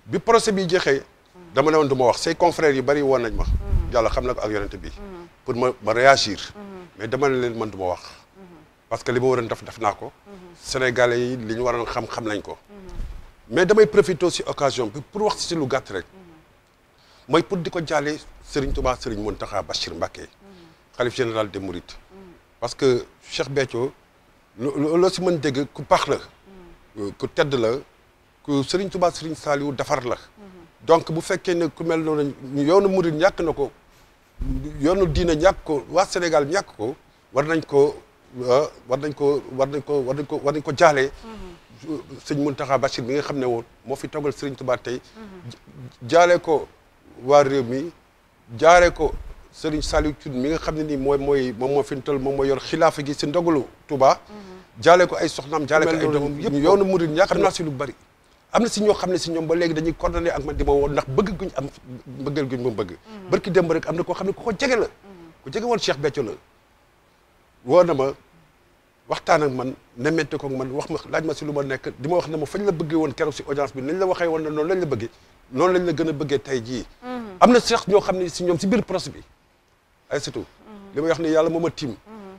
bi procès bi jeexee. dama ne woon ma wax say confrères yu bari woon nañ ma. yàlla xam na ko ak yonent bi. pour ma ma mais dama ne leen man du ma wax. parce que li ma waroon def def naa ko. Sénégalais yi li ñu waroon xam xam nañ ko. mais damay profité si occasion pour wax si lu gàtt rek. mooy pour di ko jàllee Serigne Touba Serigne Mountakha Bachir Mbacké. xalif général de Mourides. parce que Cheikh Béthio loo si mën dégg ku baax la. ku tedd la ku Serigne Touba Serigne Saliou defar la. donc bu fekkee ne ku mel noonu yoonu Mouride ñàkk na ko. yoonu diine ñàkk ko waa Sénégal ñàkk ko ah, war nañ ko war nañ ko war nañ ko war nañ ko war ko jaalee sëñ Mountakha Bachir bi nga xam ne woon moo fi toggal Serigne Touba tey jaale ko waa réew mi jaare ko Serigne Saliou Thioune mi nga xam ne nii mooy mooy moom moo fi ñu toll moom mooy yor xilaafa gi si ndogalu Touba mm-hmm. jaale ko ay soxnaam jaale ko ay doomam yëpp yoonu murid ñàkk naa si lu bari am na si ñoo xam ne si ñoom ba léegi dañuy coordonné ak man di ma woo ndax bëgg guñ am bëggal guñ ma bëgg mm-hmm. koo xam ne ku ko jege la mm-hmm. ku jege woon Cheikh Béthio la woo na ma waxtaan ak man man wax ma laaj ma si lu ma nekk di ma wax ne ma la bëggee woon keroog bi nañ la waxee woon ne noonu lañ la bëggee noonu la gën a bëggee tey jii mm-hmm. am na sax ñoo xam ne si ñoom si bi ay surtout li may wax ne yàlla moo ma tiim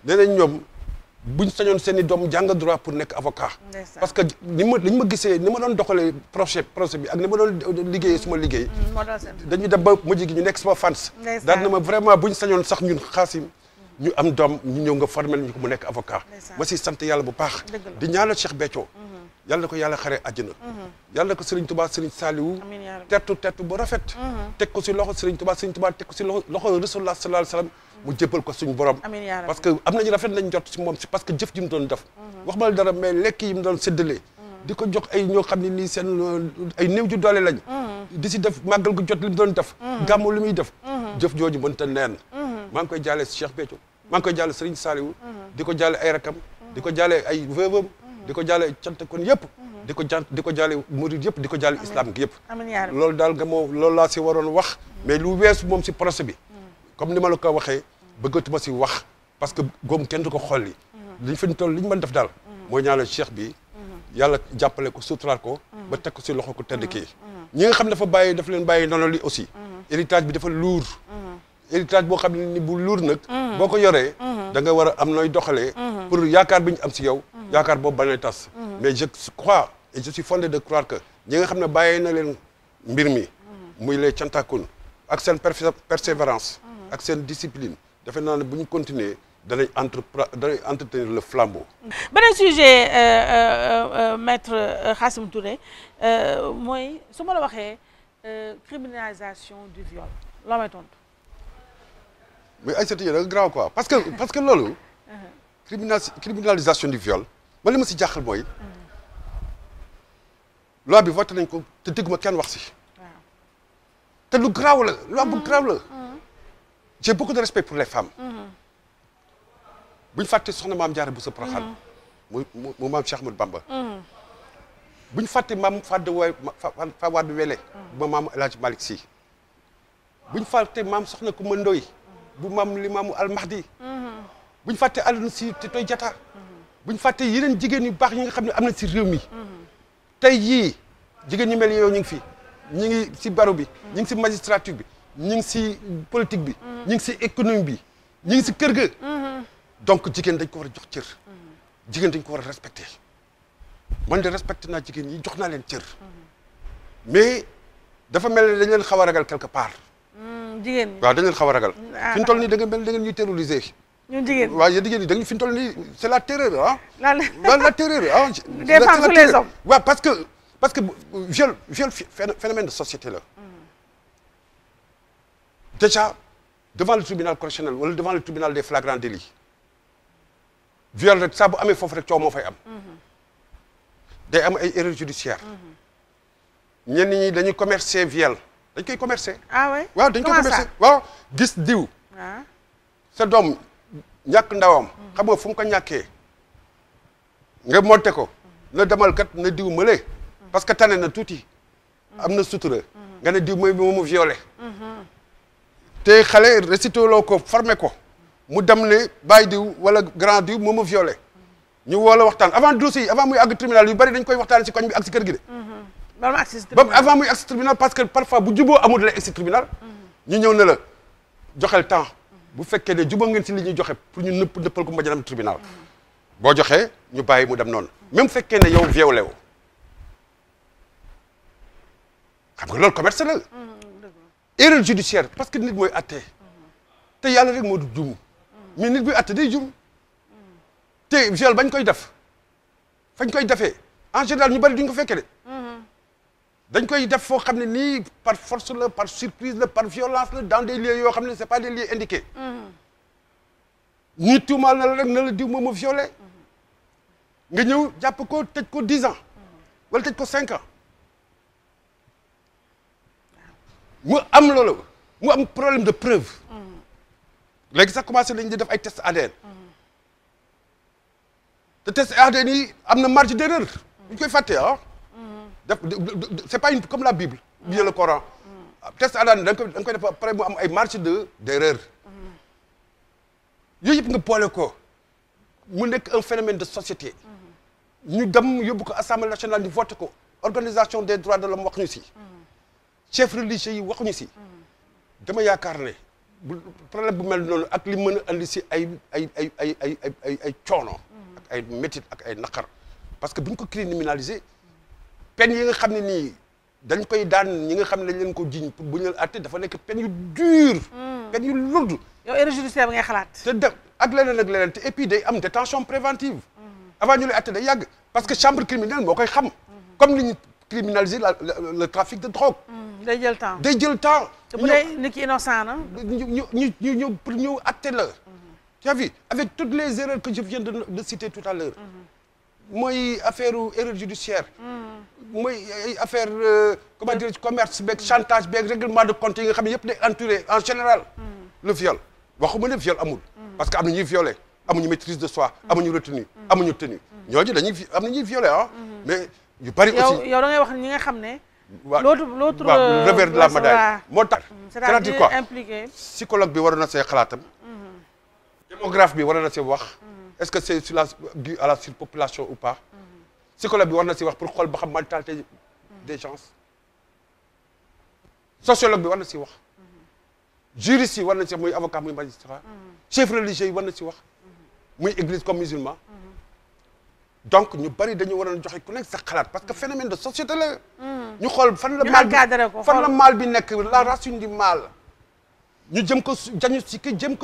nee nañ ñoom buñ sañoon seeni i doom jàng droit pour nekk avocat. parce que ni ma ni ma gisee ni ma doon doxalee procès procès bi ak ni ma doon liggéeyee suma liggéey. Mm, dañuy dem ba mujj gi ñu nekk sama fans. daan na ma vraiment buñ sañoon sax ñun xaasim ñu am doom ñu ñëw nga formel ñu ko mu nekk avocat. ma si sant yàlla bu baax. di ñaanal Cheikh Béthio. yàlla na ko yàlla xare àjjana yàlla na ko sëriñ tubaa sëriñ saaliwu tertu tertu bu rafet mhm. teg ko si loxo sëriñ tubaa sëriñ tubaa teg ko si loxo loxo rasulullah sallallahu alayhi wasallam mu jébbal ko suñu borom parce que am nañu rafet lañ jot si moom si parce que jëf ji mu doon def mhm. wax ma dara mais lekk yi mu doon séddalee mhm. di ko jox ay ñoo xam ne nii seen ay néew ju doole lañ di si def màggal gu jot li mu doon def gàmmu li muy def jëf jooju mënta neen maa ngi koy jaale Cheikh Béthio maa ngi koy jaale Serigne Saliou di ko jaale ay rakam di ko jaale ay veuvam di ko jaale cant kon yëpp di ko jant di ko jaale murid yëpp di ko jaale islam gi yëpp loolu daal nga moo loolu laa si waroon wax mais lu wees moom si procès bi comme ni ma la ko waxee bëggatuma si wax parce que góom kenn du ko xolli mhm. liñ fi ñu toll li ñu mën def daal mhm. mooy ñaanal cheikh bi mhm. yàlla jàppale ko suturaal ko ba teg ko si loxo ko tedd kii ñi nga xam ne dafa bàyyi daf leen bàyyi noonu li aussi héritage bi dafa luur héritage boo xam ne ni bu luur nag boo ko yoree da nga war am nooy doxalee pour yaakaar bi am si yow yaakaar boobu bañ tas. Mhm. mais je crois et je suis fondé de croire que ñi nga xam ne bàyyee na leen mbir mi. Mhm. muy les cantakun ak seen persévérance. Mhm. ak seen discipline. defe naa ne bu ñu continuer danay entre danay entretenir le flambeau. beneen sujet euh, euh, euh, maître Khassim Touré mooy su ma la waxee criminalisation du viol loo may tontu. mais ay seetlu yéen a grave quoi parce que parce que loolu. Uh-huh. criminalisation du viol. ma li ma si jaaxal mooy loi bi voté nañ ko te dégguma kenn wax si. te lu graaw la loi bu mm-hmm. graaw la. Mm-hmm. respect pour les femmes. Mm-hmm. bu ñu fàtte soxna maam Diarra Bousso Proxaan. mu mu mu maam Cheikh Ahmadou Bamba. bu ñu fàtte maam Fade Woy Fa Wade Wele. bu maam El Hadj Malick Sy. bu ñu fàtte maam Soxna Kumba Ndoye bu maam li maamu Al Mahdi. bu ñu fàtte Alioune Sy te tooy jata bu buñ fàtte yeneen jigéen yu baax ñi nga xam ne am na si réew mi tey yii jigéen ñu mel yow ñu ngi fi ñu ngi si barreau bi ñu ngi si magistrature bi ñu ngi si politique bi ñu ngi si économie bi ñu ngi si kër ga donc jigéen dañ ko war a jox cër jigéen dañ ko war a respecté man de respecté naa jigéen yi jox naa leen cër mais dafa mel ne dañ leen xaw a ragal quelque part jigéen waaw dañ leen xaw a ragal ah. fi ñu toll nii da nga mel da ngeen ñuy ñu jigéen waaw yéen jigéen ñi da nga fi ñu toll nii c' est la terreur ah. lan la terreur ah. des parce que parce que viol viol phénomène de société la. Mm-hmm. déjà devant le tribunal correctionnel wala devant le tribunal des flagrants délits viol rek saa bu amee foofu rek coow moo fay am. Mm-hmm. day am ay erreurs judiciaires. Mm-hmm. ñenn ñi dañuy commercer viol dañ koy commercer. ah oui waaw dañ koy commercer waaw gis diw. Ah. sa doom. ñàkk ndawam xam nga fu mu ko ñàkkee nga monte ko na demal kat na diw mële parce que tane na tuuti am na sutura nga ne diw mooy bi moomu violé te xale récitéloo ko formé ko mu dem ne bàyyi diw wala grand diw moomu violé ñu woo la waxtaan avant dossier yi avant muy àgg tribunal yu bari dañ koy waxtaan si koñ bi ak si kër gi de mm-hmm. ba avant muy àgg si parce que parfois bu juboo amul la egg si tribunal mm-hmm. ñu ñëw ne la joxel temps bu fekkee ne jubóo ngeen si li ñuy joxe pour ñu nëpp nëppal ko mbajanam tribunal boo joxee ñu bàyyi mu dem noonu même fekkee ne yow violé woo xam nga loolu commerce la mm-hmm. erreur judiciaire parce que nit mooy atte mm-hmm. te yàlla rek moo du juum mm-hmm. mais nit buy atte day juum te viol bañ koy def fañ koy defee en général ñu bari duñ ko fekkee de dañ koy def foo xam ne nii par force la par surprise la par violence la dans des lieux yoo xam ne c'est pas des lieux indiqués mm-hmm. ñii tuumaal na la rek na la diw moom ma violé mm-hmm. nga ñëw jàpp ko tëj ko dix ans mm-hmm. wala tëj ko cinq ans mu am loolu mu am problème de preuve léegi sax commencé nañ di def ay test ADN te test ADN yi am na marge d'erreur ñu koy fàtte ah def c'est pas une comme la Bible. ñu le Coran. Mm. test ADN da nga koy da nga koy def après am ay marge de d'erreur. yooyu yëpp nga boole ko mu nekk un phénomène de société. Mm-hmm. ñu dem yóbbu ko assemblée nationale ñu voté ko organisation des droits de l'homme wax ñu si. Mm-hmm. chef religieux yi waxuñu si. Mm-hmm. dama yaakaar ne bu problème bu mel noonu ak li mën a si ay ay ay ay ay ay ay coono. ak ay métit ay naqar parce que bu ko criminaliser. peine yi nga xam ne nii dañ koy daan ñi nga xam ne dañ leen ko jiñ pour bu ñu àtte dafa nekk peine yu dur. Hmm. peine yu lourd. yow erreur judiciaire bi ngay xalaat. te de ak leneen ak leneen te et puis day am détention préventive. Hmm. avant ñu lay àtte day yàgg parce que chambre criminelle moo koy xam. Hmm. comme li ñu criminaliser la le trafic de drogue. day jël temps day jël temps. te bu dee nit ki innocent na. ñu ñu ñu ñu ñëw pour ñëw àtte la. tu as vu avec toutes les erreurs que je viens de de citer tout à l'heure mooy affaire erreur judiciaire. Hmm. mooy affaire euh, comment dire commerce beeg chantage beeg règlement de compte yi nga xam ne yëpp day entouré en général. Hmm. le viol waxuma ne viol amul. Hmm. parce que am na ñuy violé amuñu maîtrise de soi amuñu retenue amuñu tenue ñooñu dañuy am na ñuy violé ah. mais yu bari aussi yow yow da ngay wax ñi nga xam ne. waaw l'autre l'autre euh, la médaille moo tax. c'est-à-dire quoi bi waroon na see xalaatam. démographe bi waroon na see wax. est-ce que c'est sur la dû à la surpopulation ou pas mm-hmm. psychologue bi war na si wax pour xool ba xam mentalité mm-hmm. des gens sociologue bi war si wax mm-hmm. juriste yi war na si wax muy avocat muy magistrat chef religieux yi war si wax muy église comme musulman donc ñu bari dañu waroon joxe ku nekk sa xalaat parce que phénomène de société la ñu xool fan la mal bi nekk la racine du mal ñu jëm ko diagnostiqué jëm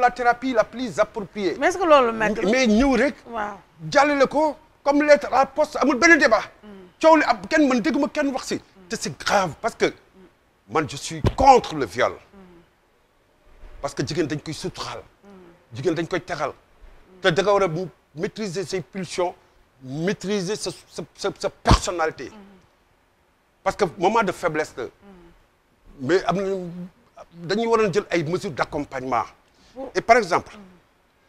la thérapie la plus appropriée. mais est-ce que loolu maître mais ñëw rek. waaw jàllale ko comme lettre à la poste amul benn débat. Mm. coow li a kenn man dégguma kenn wax si. Mm. te c'est grave parce que man je suis contre le viol. Mm. parce que jigéen dañ koy suturaal. jigéen dañ koy te da nga a ses pulsions maîtriser sa sa parce que moment de faiblesse la. mais am dañuy waroon jël ay mesures d'accompagnement et par exemple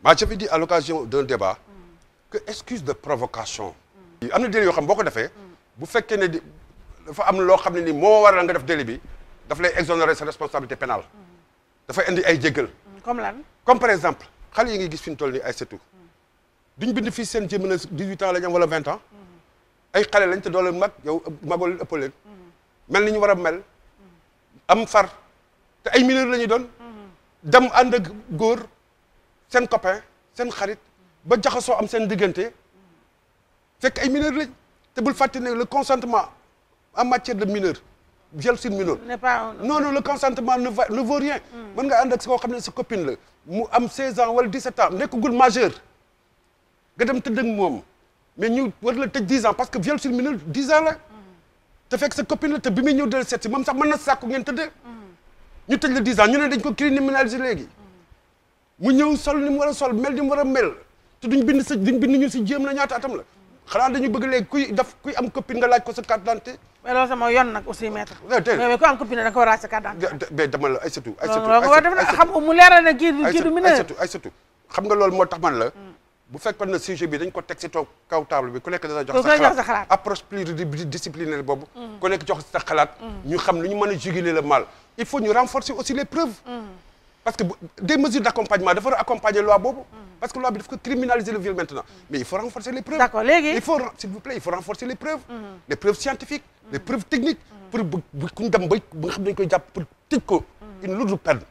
maa j'avais i à l'occasion d'un débat que excuse de provocation yi am na délai yoo xam boo ko defee bu fekkee ne di dafa am loo xam ne ni moo waral nga def délai bi daf lay exonérer sa responsabilité pénale dafa indi ay jéggal comme lan comme par exemple xale yi ngi gis fi ñu toll nii ay setu ñu bind fii seen jéem a 18 ans la ñu am wala ans ay xale lañ te doole mag yow magoo leen ëpp leen mel ni ñu war a mel am far te ay mineurs la ñuy doon dem ànd ak góor seen copain seen xarit ba jaxasoo am seen diggante fekk ay mineurs lañ te bul fàtte ne le consentement en matière de mineur viol sur mineur non non le consentement ne va ne vaut rien hmm. mën nga ànd ak koo xam ne se coppin la mu am 16 ans wala 17 ans nekkagul majeur nga dem tëdd ak moom mais ñu war la tëj 10 ans parce que viol sur mineur 10 ans la hmm. te fekk sa copine la te bi muy ñëw del seet si moom sax mën na sàkku ngeen tëdd hmm. ñu tëj la dix ans ñu ne dañ ko criminaliser léegi mu ñëw sol ni mu a sol mel ni mu war a mel te duñ bind bind ñu si jéem la ñaata atam la xanaa dañu bëgg léegi kuy daf kuy am copine nga laaj ko sa carte d'identité mais loolu sama am nga la ay surtout ay surtout xam nga loolu moo tax man la bu fekkoon na sujet bi dañ ko teg si toog kaw table bi ku nekk dana jox sa xalaat approche pluridisciplinaire boobu mm. ku nekk jox sa xalaat mm. ñu xam lu ñu mën a juguler le mal il faut ñu renforcer aussi les preuves. Mm-hmm. parce que des mesures d'accompagnement dafa accompagner loi boobu. Mm-hmm. parce que loi bi daf ko criminaliser le viol maintenant. Mm-hmm. mais il faut renforcer les preuves. d'accord léegi il faut s'il vous plaît il faut renforcer pour bu bu ku dem ba ba nga xam dañu koy jàpp pour tëj ko. une lourde peine.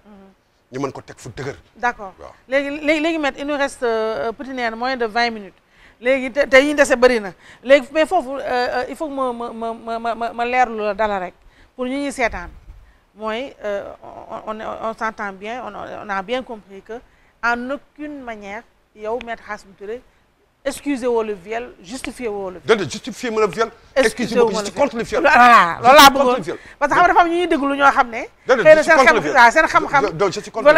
ñu mën ko teg fu dëgër. d'accord léegi léegi léegi maître il nous reste euh, euh, peut-être moins de vingt minutes. léegi te tey dese bëri na léegi mais foofu euh, il faut que ma ma ma ma ma leerlu la dala rek pour ñu ñuy seetaan. mooy euh, on on s'entend bien on a bien compris que en aucune manière yow maître Khassim Touré excusez woo le viol justifié woo le viol. déedéet justifié ma le viol. excusez woo ma le viol excusez ma contre le viol. voilà loolu laa bëggoon parce que xam nga dafa am ñu ñuy déglu ñoo xam ne. déedéet je suis contre le viol xëy na seen xam-xam waaw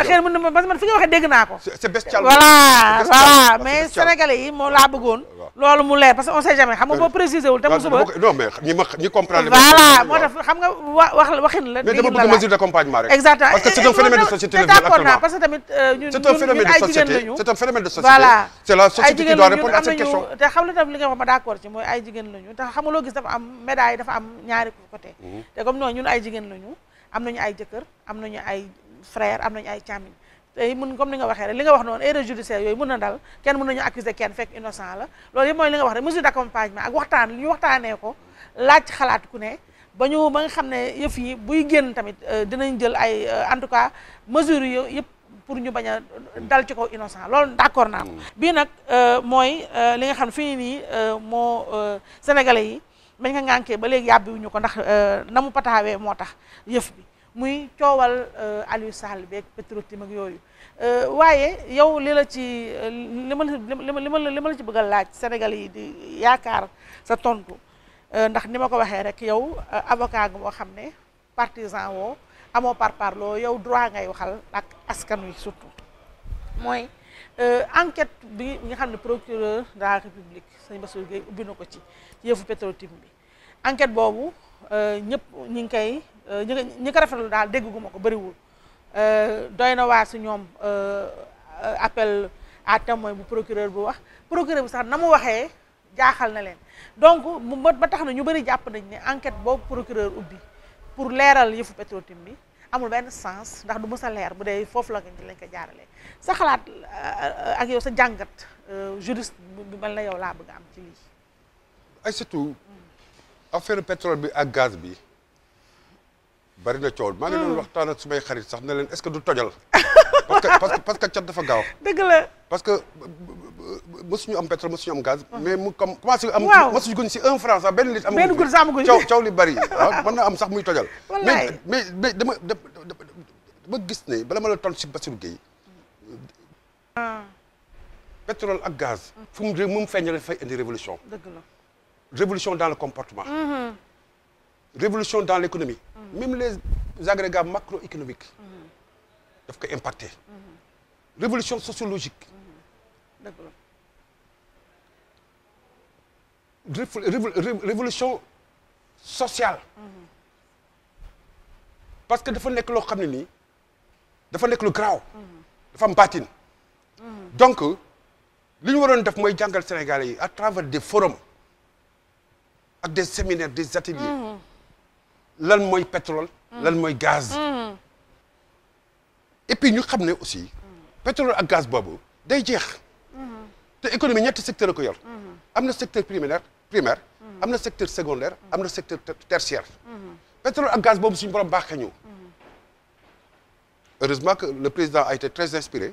seen xam-xam. naa ko. c'est bestial voilà voilà mais sénégalais yi moom laa bëggoon. loolu mu leer parce que on sait jamais xam nga euh, boo précisé wul tam suba non mais ñi ma ñi comprendre voilà moo tax xam nga waxin la mais dama bëgg mesure d'accompagnement rek exactement parce que la société qui doit répondre xam la tam li nga d'accord ci mooy ay jigéen lañu te xam loo gis dafa am médaille dafa am ñaari côté mhm. te comme noonu ñun ay jigéen lañu am nañu ay jëkkër am nañu ay frère am nañu ay càmmiñ tey mun comme ni nga waxee rek li nga wax noonu erreur judiciaire yooyu mën na dal kenn mën nañu accuser kenn fekk innocent la loolu yëpp mooy li nga wax rek mesure d'accompagnement ak ko laaj xalaat ku ne ba ñu ba xam ne yëf yi buy génn tamit euh, dinañ jël ay euh, en tout cas mesures yi yëpp pour ñu bañ a dal ci ko innocent loolu d'accord naa ko hmm. bii nag euh, mooy li nga xam ne fii nii moo sénégalais yi bañ nga ngànkee ba léegi yàbbiwuñu ko ndax na mu pataawee moo tax yëf bi muy coowal euh, Aliou Sall beeg Petrotim ak yooyu euh, waaye yow li la ci li ma la li ma la ci bëgg laaj Sénégal yi di yaakaar sa tontu euh, ndax ni ma ko waxee rek yow avocat nga moo xam ne partisan woo amoo par parloo yow droit ngay waxal ak askan wi surtout mooy enquete bi nga xam ne procureur de la république sëñ Bassirou Guèye ubbi na ko ci yëfu Petrotim bi enquête boobu ñëpp ñi ngi koy. Euh, ñi ko ñi ko rafetlu daal dégg gu ma ko bëriwul euh, doy na waa si ñoom euh, appel à témoin bu procureur bu wax procureur bi sax na mu waxee jaaxal na leen donc ba tax na ñu bëri jàpp nañ ni enquête boobu procureur ubbi pour leeral yëfu petro time bi amul benn sens ndax du mës a leer bu dee foofu la lañ ko jaarale sa xalaat ak yow sa jàngat juriste bi mel na yow laa bëgg am ci lii. ay surtout affaire pétrole bi ak gaz bi. bari na coow maa ngi doon hmm. waxtaan ak sumay xarit sax ne leen est-ce que du tojal parce que parce que parce que cat dafa gaaw dëgg la parce que mësuñu am pétrole mësuñu am gaz mais mu comme commencé am mësuñu guñ si un sax benn litre amaguñ coow li bari ah mën na am sax muy tojal mais mais mais dama dama gis ne bala ma la tontu si Bassirou Gueye ah. pétrole ak gaz fu mu mu feeñale fay indi révolution dëgg la révolution dans le comportement mm-hmm. révolution dans l'économie même les agrégats macroéconomiques daf ko impacté révolution sociologique révolution sociale parce que dafa nekk loo xam ne nii dafa nekk lu garaaw dafa am donc li ñu waroon def mooy jàngal Sénégalais yi à travers des forums ak des séminaires des ateliers lan mooy pétrole. Mm. lan mooy gaz. Mm. et puis ñu xam ne aussi. Mm. pétrole ak gaz boobu day jeex. Mm-hmm. te économie ñetti secteur la ko yor. Mm-hmm. am na secteur primaire primaire. Mm-hmm. am na secteur secondaire am na secteur tertiaire. pétrole ak gaz boobu suñu borom baaxee ñu. heureusement que le président a été très inspiré.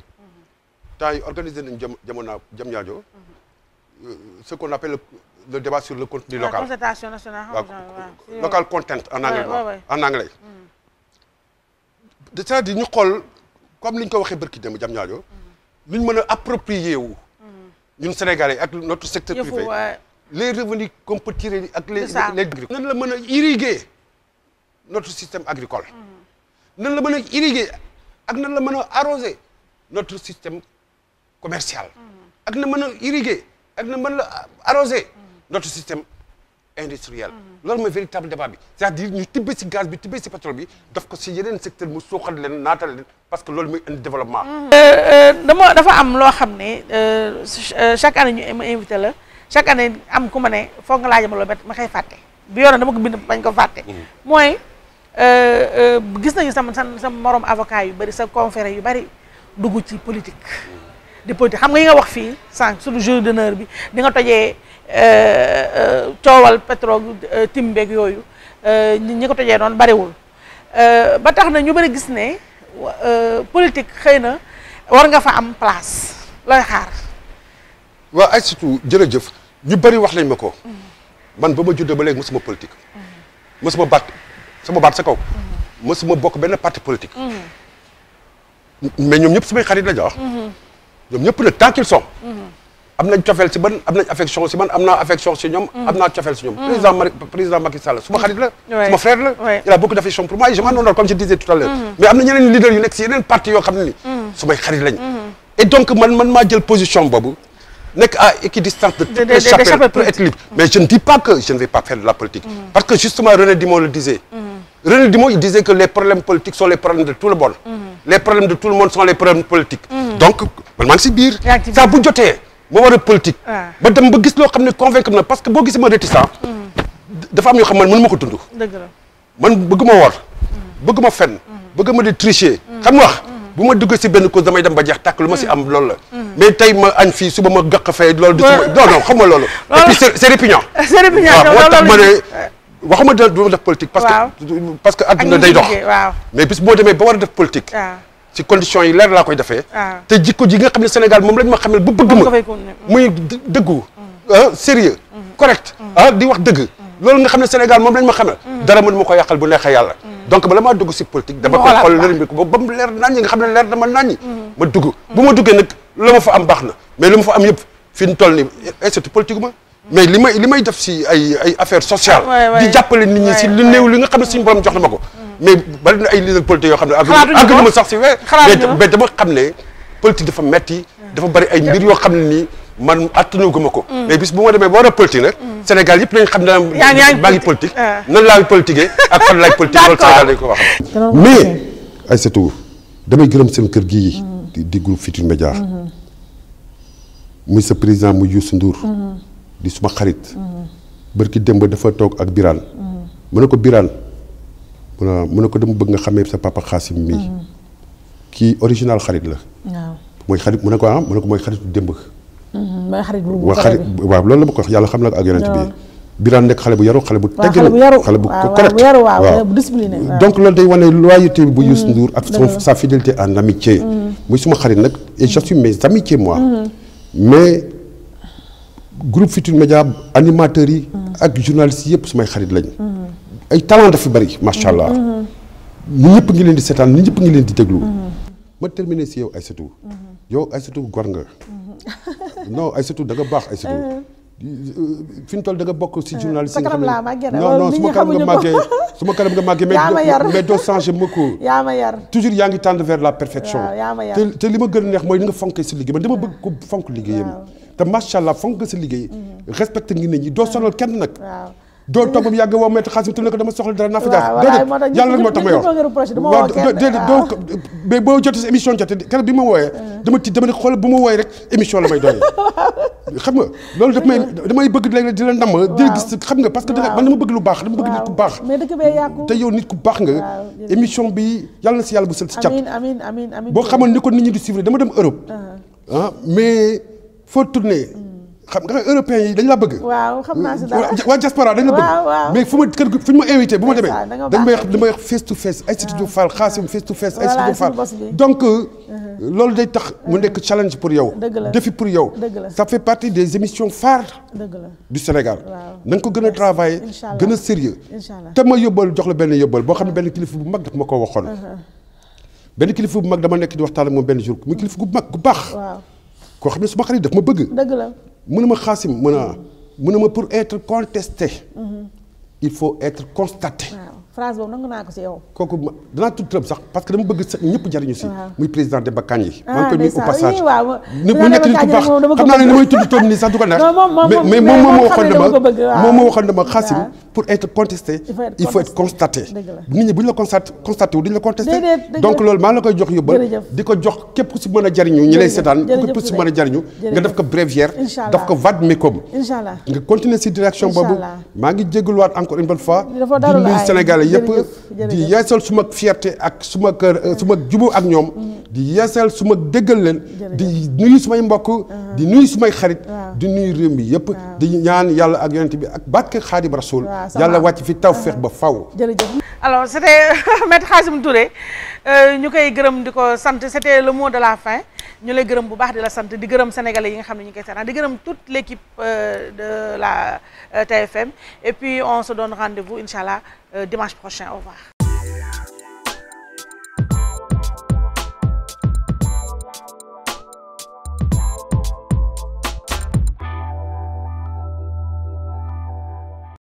temps yi organisé nañu jamono jam ñaajo. Euh, ce qu'on appelle le débat sur le contenu local. concertation nationale. local content en anglais. en anglais. Mm. cest ñu xool comme li ko waxee barki dem jam ñaajo mm. lu ñu mën a approprier wu. Mm. ñun Sénégalais ak notre secteur privé les revenus qu'on ak les les. nan la mën a irriguer notre système agricole. nan la mën a irriguer ak nan la mën a arroser notre système commercial. ak na mën a irriguer ak na mën la notre système industriel. loolu mooy véritable débat bi. c'est-à-dire ñu tibbee ci gaz bi tibbee ci pétrole bi daf ko ci yeneen secteur mu suuxal leen naatal leen parce que loolu mooy indi développement. Mm-hmm. Euh, euh, dama dafa am loo xam ne euh, chaque année ñu ma invité la chaque année am ku ma ne foog nga laajee ma loolu ma koy fàtte bi yoon dama ko bind bañ ko fàtte. Mm-hmm. mooy gis nañu sama sama moroom avocat yu bari sa conféré yu bari dugg ci politique. Mm-hmm. di politique xam nga yi nga wax fii sànq sur le jeu d'honneur bi di nga tojee. coowal eh, eh, pétrole eh, timbeeg yooyu ñi ko tojee noonu bariwul ba tax na ñu bari gis ne politique xëy na war nga fa am place looy xaar. waaw ay surtout jërëjëf ñu bari wax lañ ma ko. man ba ma juddoo ba léegi mosuma politique. mosuma baat sama baat sa kaw. mosuma bokk benn parti politique. Mm-hmm. mais ñoom ñëpp samay xarit la jox. Ah. Mm-hmm. ñoom ñëpp nag tant qu'ils am na cofeel si ban am nañ affection si ban am naa affection si ñoom mm. président président Macky Sall suma mm. xarit la suma frère il a beaucoup d'affection pour moi je m'en honore comme je disais tout à l'heure mm. mais am na ñeneen maa jël position boobu nekk à équidistance de toutes les pour être mais je ne dis pas que je ne vais pas faire de la politique parce que justement René Dumont le disait René Dumont il disait que les problèmes politiques sont les problèmes ba war a politique. Ah. ba dem ba gis loo xam ne convaincre na parce que boo gis ma réticent. Hmm. dafa am yoo xam ne man mënu ma ko dund. dëgg la man bëgguma wor. Hmm. bëgguma fenn. Hmm. ma di tricher. xam nga wax bu ma dugg si benn ko damay dem ba jeex takk lu ma si am loolu la. mais tey ma añ fii suba ma gàq fee loolu. du suma non non xam nga loolu. et puis c'est répugnant. c'est répugnant ma ne. waxuma dina def politique. parce que a que adduna day dox. mais bis boo demee ba war a def politique. Ah. ci condition yi leer laa koy defee. Ah. te jikko ji nga xam ne Sénégal moom lañ ma xamal ba bëgg ma. muy dëggu mm. ah sérieux mm. correct mm. ah di wax dëgg. loolu nga xam ne Sénégal moom lañ ma xamal. dara mënu ma ko yàqal bu neexee yàlla. donc bala maa dugg si politique. dama koy xool lëriñ bi ko ba mu leer naññi nga xam ne na ma naññi. ma dugg bu ma ma fa am baax na mais li ma fa am yëpp fi mu toll nii institut eh, politique mais li may li may def si ay ay affaires sociales. di jàppale ni ñi si lu néew li nga xam ne suñu borom jox na ma ko mais bari na ay leader politique yoo xam ne. xalaatuñu ko sax si wér. xalaatuñu mais dama xam ne politique dafa metti dafa bari ay mbir yoo xam ne nii man attanu guma ko. Mm. mais bis bu ma demee boo war a politique nag. Mm. Sénégal yëpp nañ xam ne daan maa ngi politique. Ah. nan laa politiqué ak fan laay ko wax. mais damay gërëm seen kër gii. Mm. di groupe Futurs Médias. Mm-hmm. muy sa président muy Youssou Ndour. Mm-hmm. di suma xarit. Mm-hmm. bërki démb dafa toog ak Birane. mu ne ko Birane. mun a mun a ko dama bëgg nga xamee sa papa Xaasim mii mm. kii original xarit la waaw mooy xarit mu ne ko ah mu ne ko mooy xaritu démb mm-hmm. mooy xarit bu xarit la ko yàlla xam na ko ak yonent bi Birane nekk xale bu yaru xale bu teggin xale bu correct waaw discipliné donc loolu day wane loyauté bu mm-hmm. Youssou Ndour ak son sa fidélité en amitié mm-hmm. muy suma xarit nag et j'assume mes amitiés moi mais groupe Futurs Médias animateurs yi ak journalistes yëpp sumay xarit lañ ay talent dafa bëri macha allah. ñu mm-hmm. ñëpp ngi leen di seetaan ñu ñëpp ngi leen di déglu. Mm-hmm. ma terminé si ay yow Aïssatou. sa mm-hmm. Aïssatou gor nga. non Aïssatou da nga baax Aïssatou. Euh, fi mu toll da bokk si journaliste yi nga xam ne non su ma kanam nga màggee su ma kanam nga màggee mais doo changé yaa ma yar toujours yaa ngi tendre vers la perfection te li ma gën a neex mooy ni nga fonkee si liggéey man dama ah. bëgg ko fonk liggéeyam te macha allah fonk nga sa liggéey respecté doo toog yàgg woo maître xaalis bi tamit dama soxla dara naa fa jaar ah, déedéet yàlla rek boo jotee sa émission jotee keroog bi ma wooyee ah. dama tiit xam ah. damay bëgg léegi di la ndam di gis xam nga parce dama bëgg lu baax dama bëgg nit ku baax te yow nit ku baax nga émission bi yàlla na si yàlla bu sel si cat boo xamoon ni ko nit ñi di suivre dama dem Europe mais foo tourné xam nga européens yi dañ la bëgg. waaw xam naa waa diaspora dañ la bëgg. mais ma kër fu ñu ma invité bu ma demee. dañ may dañ may wax face to face. ay studio Fall xaasim face euh, uh-huh. loolu day tax mu uh-huh. nekk challenge pour yow. défi pour yow. ça fait partie des émissions phares. du Sénégal. ko gën a travailler. gën a sérieux. te ma yóbbal jox la benn yóbbal boo xam ne benn kilifa bu mag daf ma ko waxoon. Uh-huh. benn kilifa bu mag dama nekk di waxtaan ak moom benn jour mu kilifa gu mag gu baax. koo xam ne suma xarit daf ma bëgg. dëgg mu ne ma xaasim mu ne mu ne ma pour être contesté. il faut être constaté. waaw phrase boobu nangu naa ko si yow. kooku ma danaa tudd sax parce que dama bëgg sax ñëpp jariñu si. muy président Demba Kandji. ah mais ça oui waaw mu nekk nit ku baax xam naa ne li may tudd turam nii sax du ko neex. mais moom moom moo waxoon dama moom moo waxoon dama xaasim. pour être contesté il faut être constaté nit ñi bu ñu la constaté constaté wu duñu la contesté donc loolu maa la koy jox yóbbal di ko jox képp ku si mën a jariñu ñi lay seetaan képp si mën a jariñu nga def ko bréviaire daf ko vad mécom nga continuer si direction boobu maa ngi jégaluwaat encore une bonne fois di nuyu Sénégalais yëpp di yeesal suma fierté ak suma kër euh, ak ñoom mm-hmm. di yeesal su ma déggal leen di nuyu sumay mbokk uh-huh. di nuyu sumay xarit di nuyu réew mi yëpp di ñaan yàlla ak yonent bi ak barke Xaadim Rasul yàlla wàcc fi tawfeex uh-huh. ba faw jërëjëf alors c'était maître Khassim Touré euh, ñu koy gërëm di ko sant c'était le mot de la fin ñu lay gërëm bu baax di la sant di gërëm sénégalais yi nga xam ne ñu koy seetaan di gërëm toute l'équipe euh, de la euh, TFM et puis on se donne rendez-vous incha allah dimanche prochain au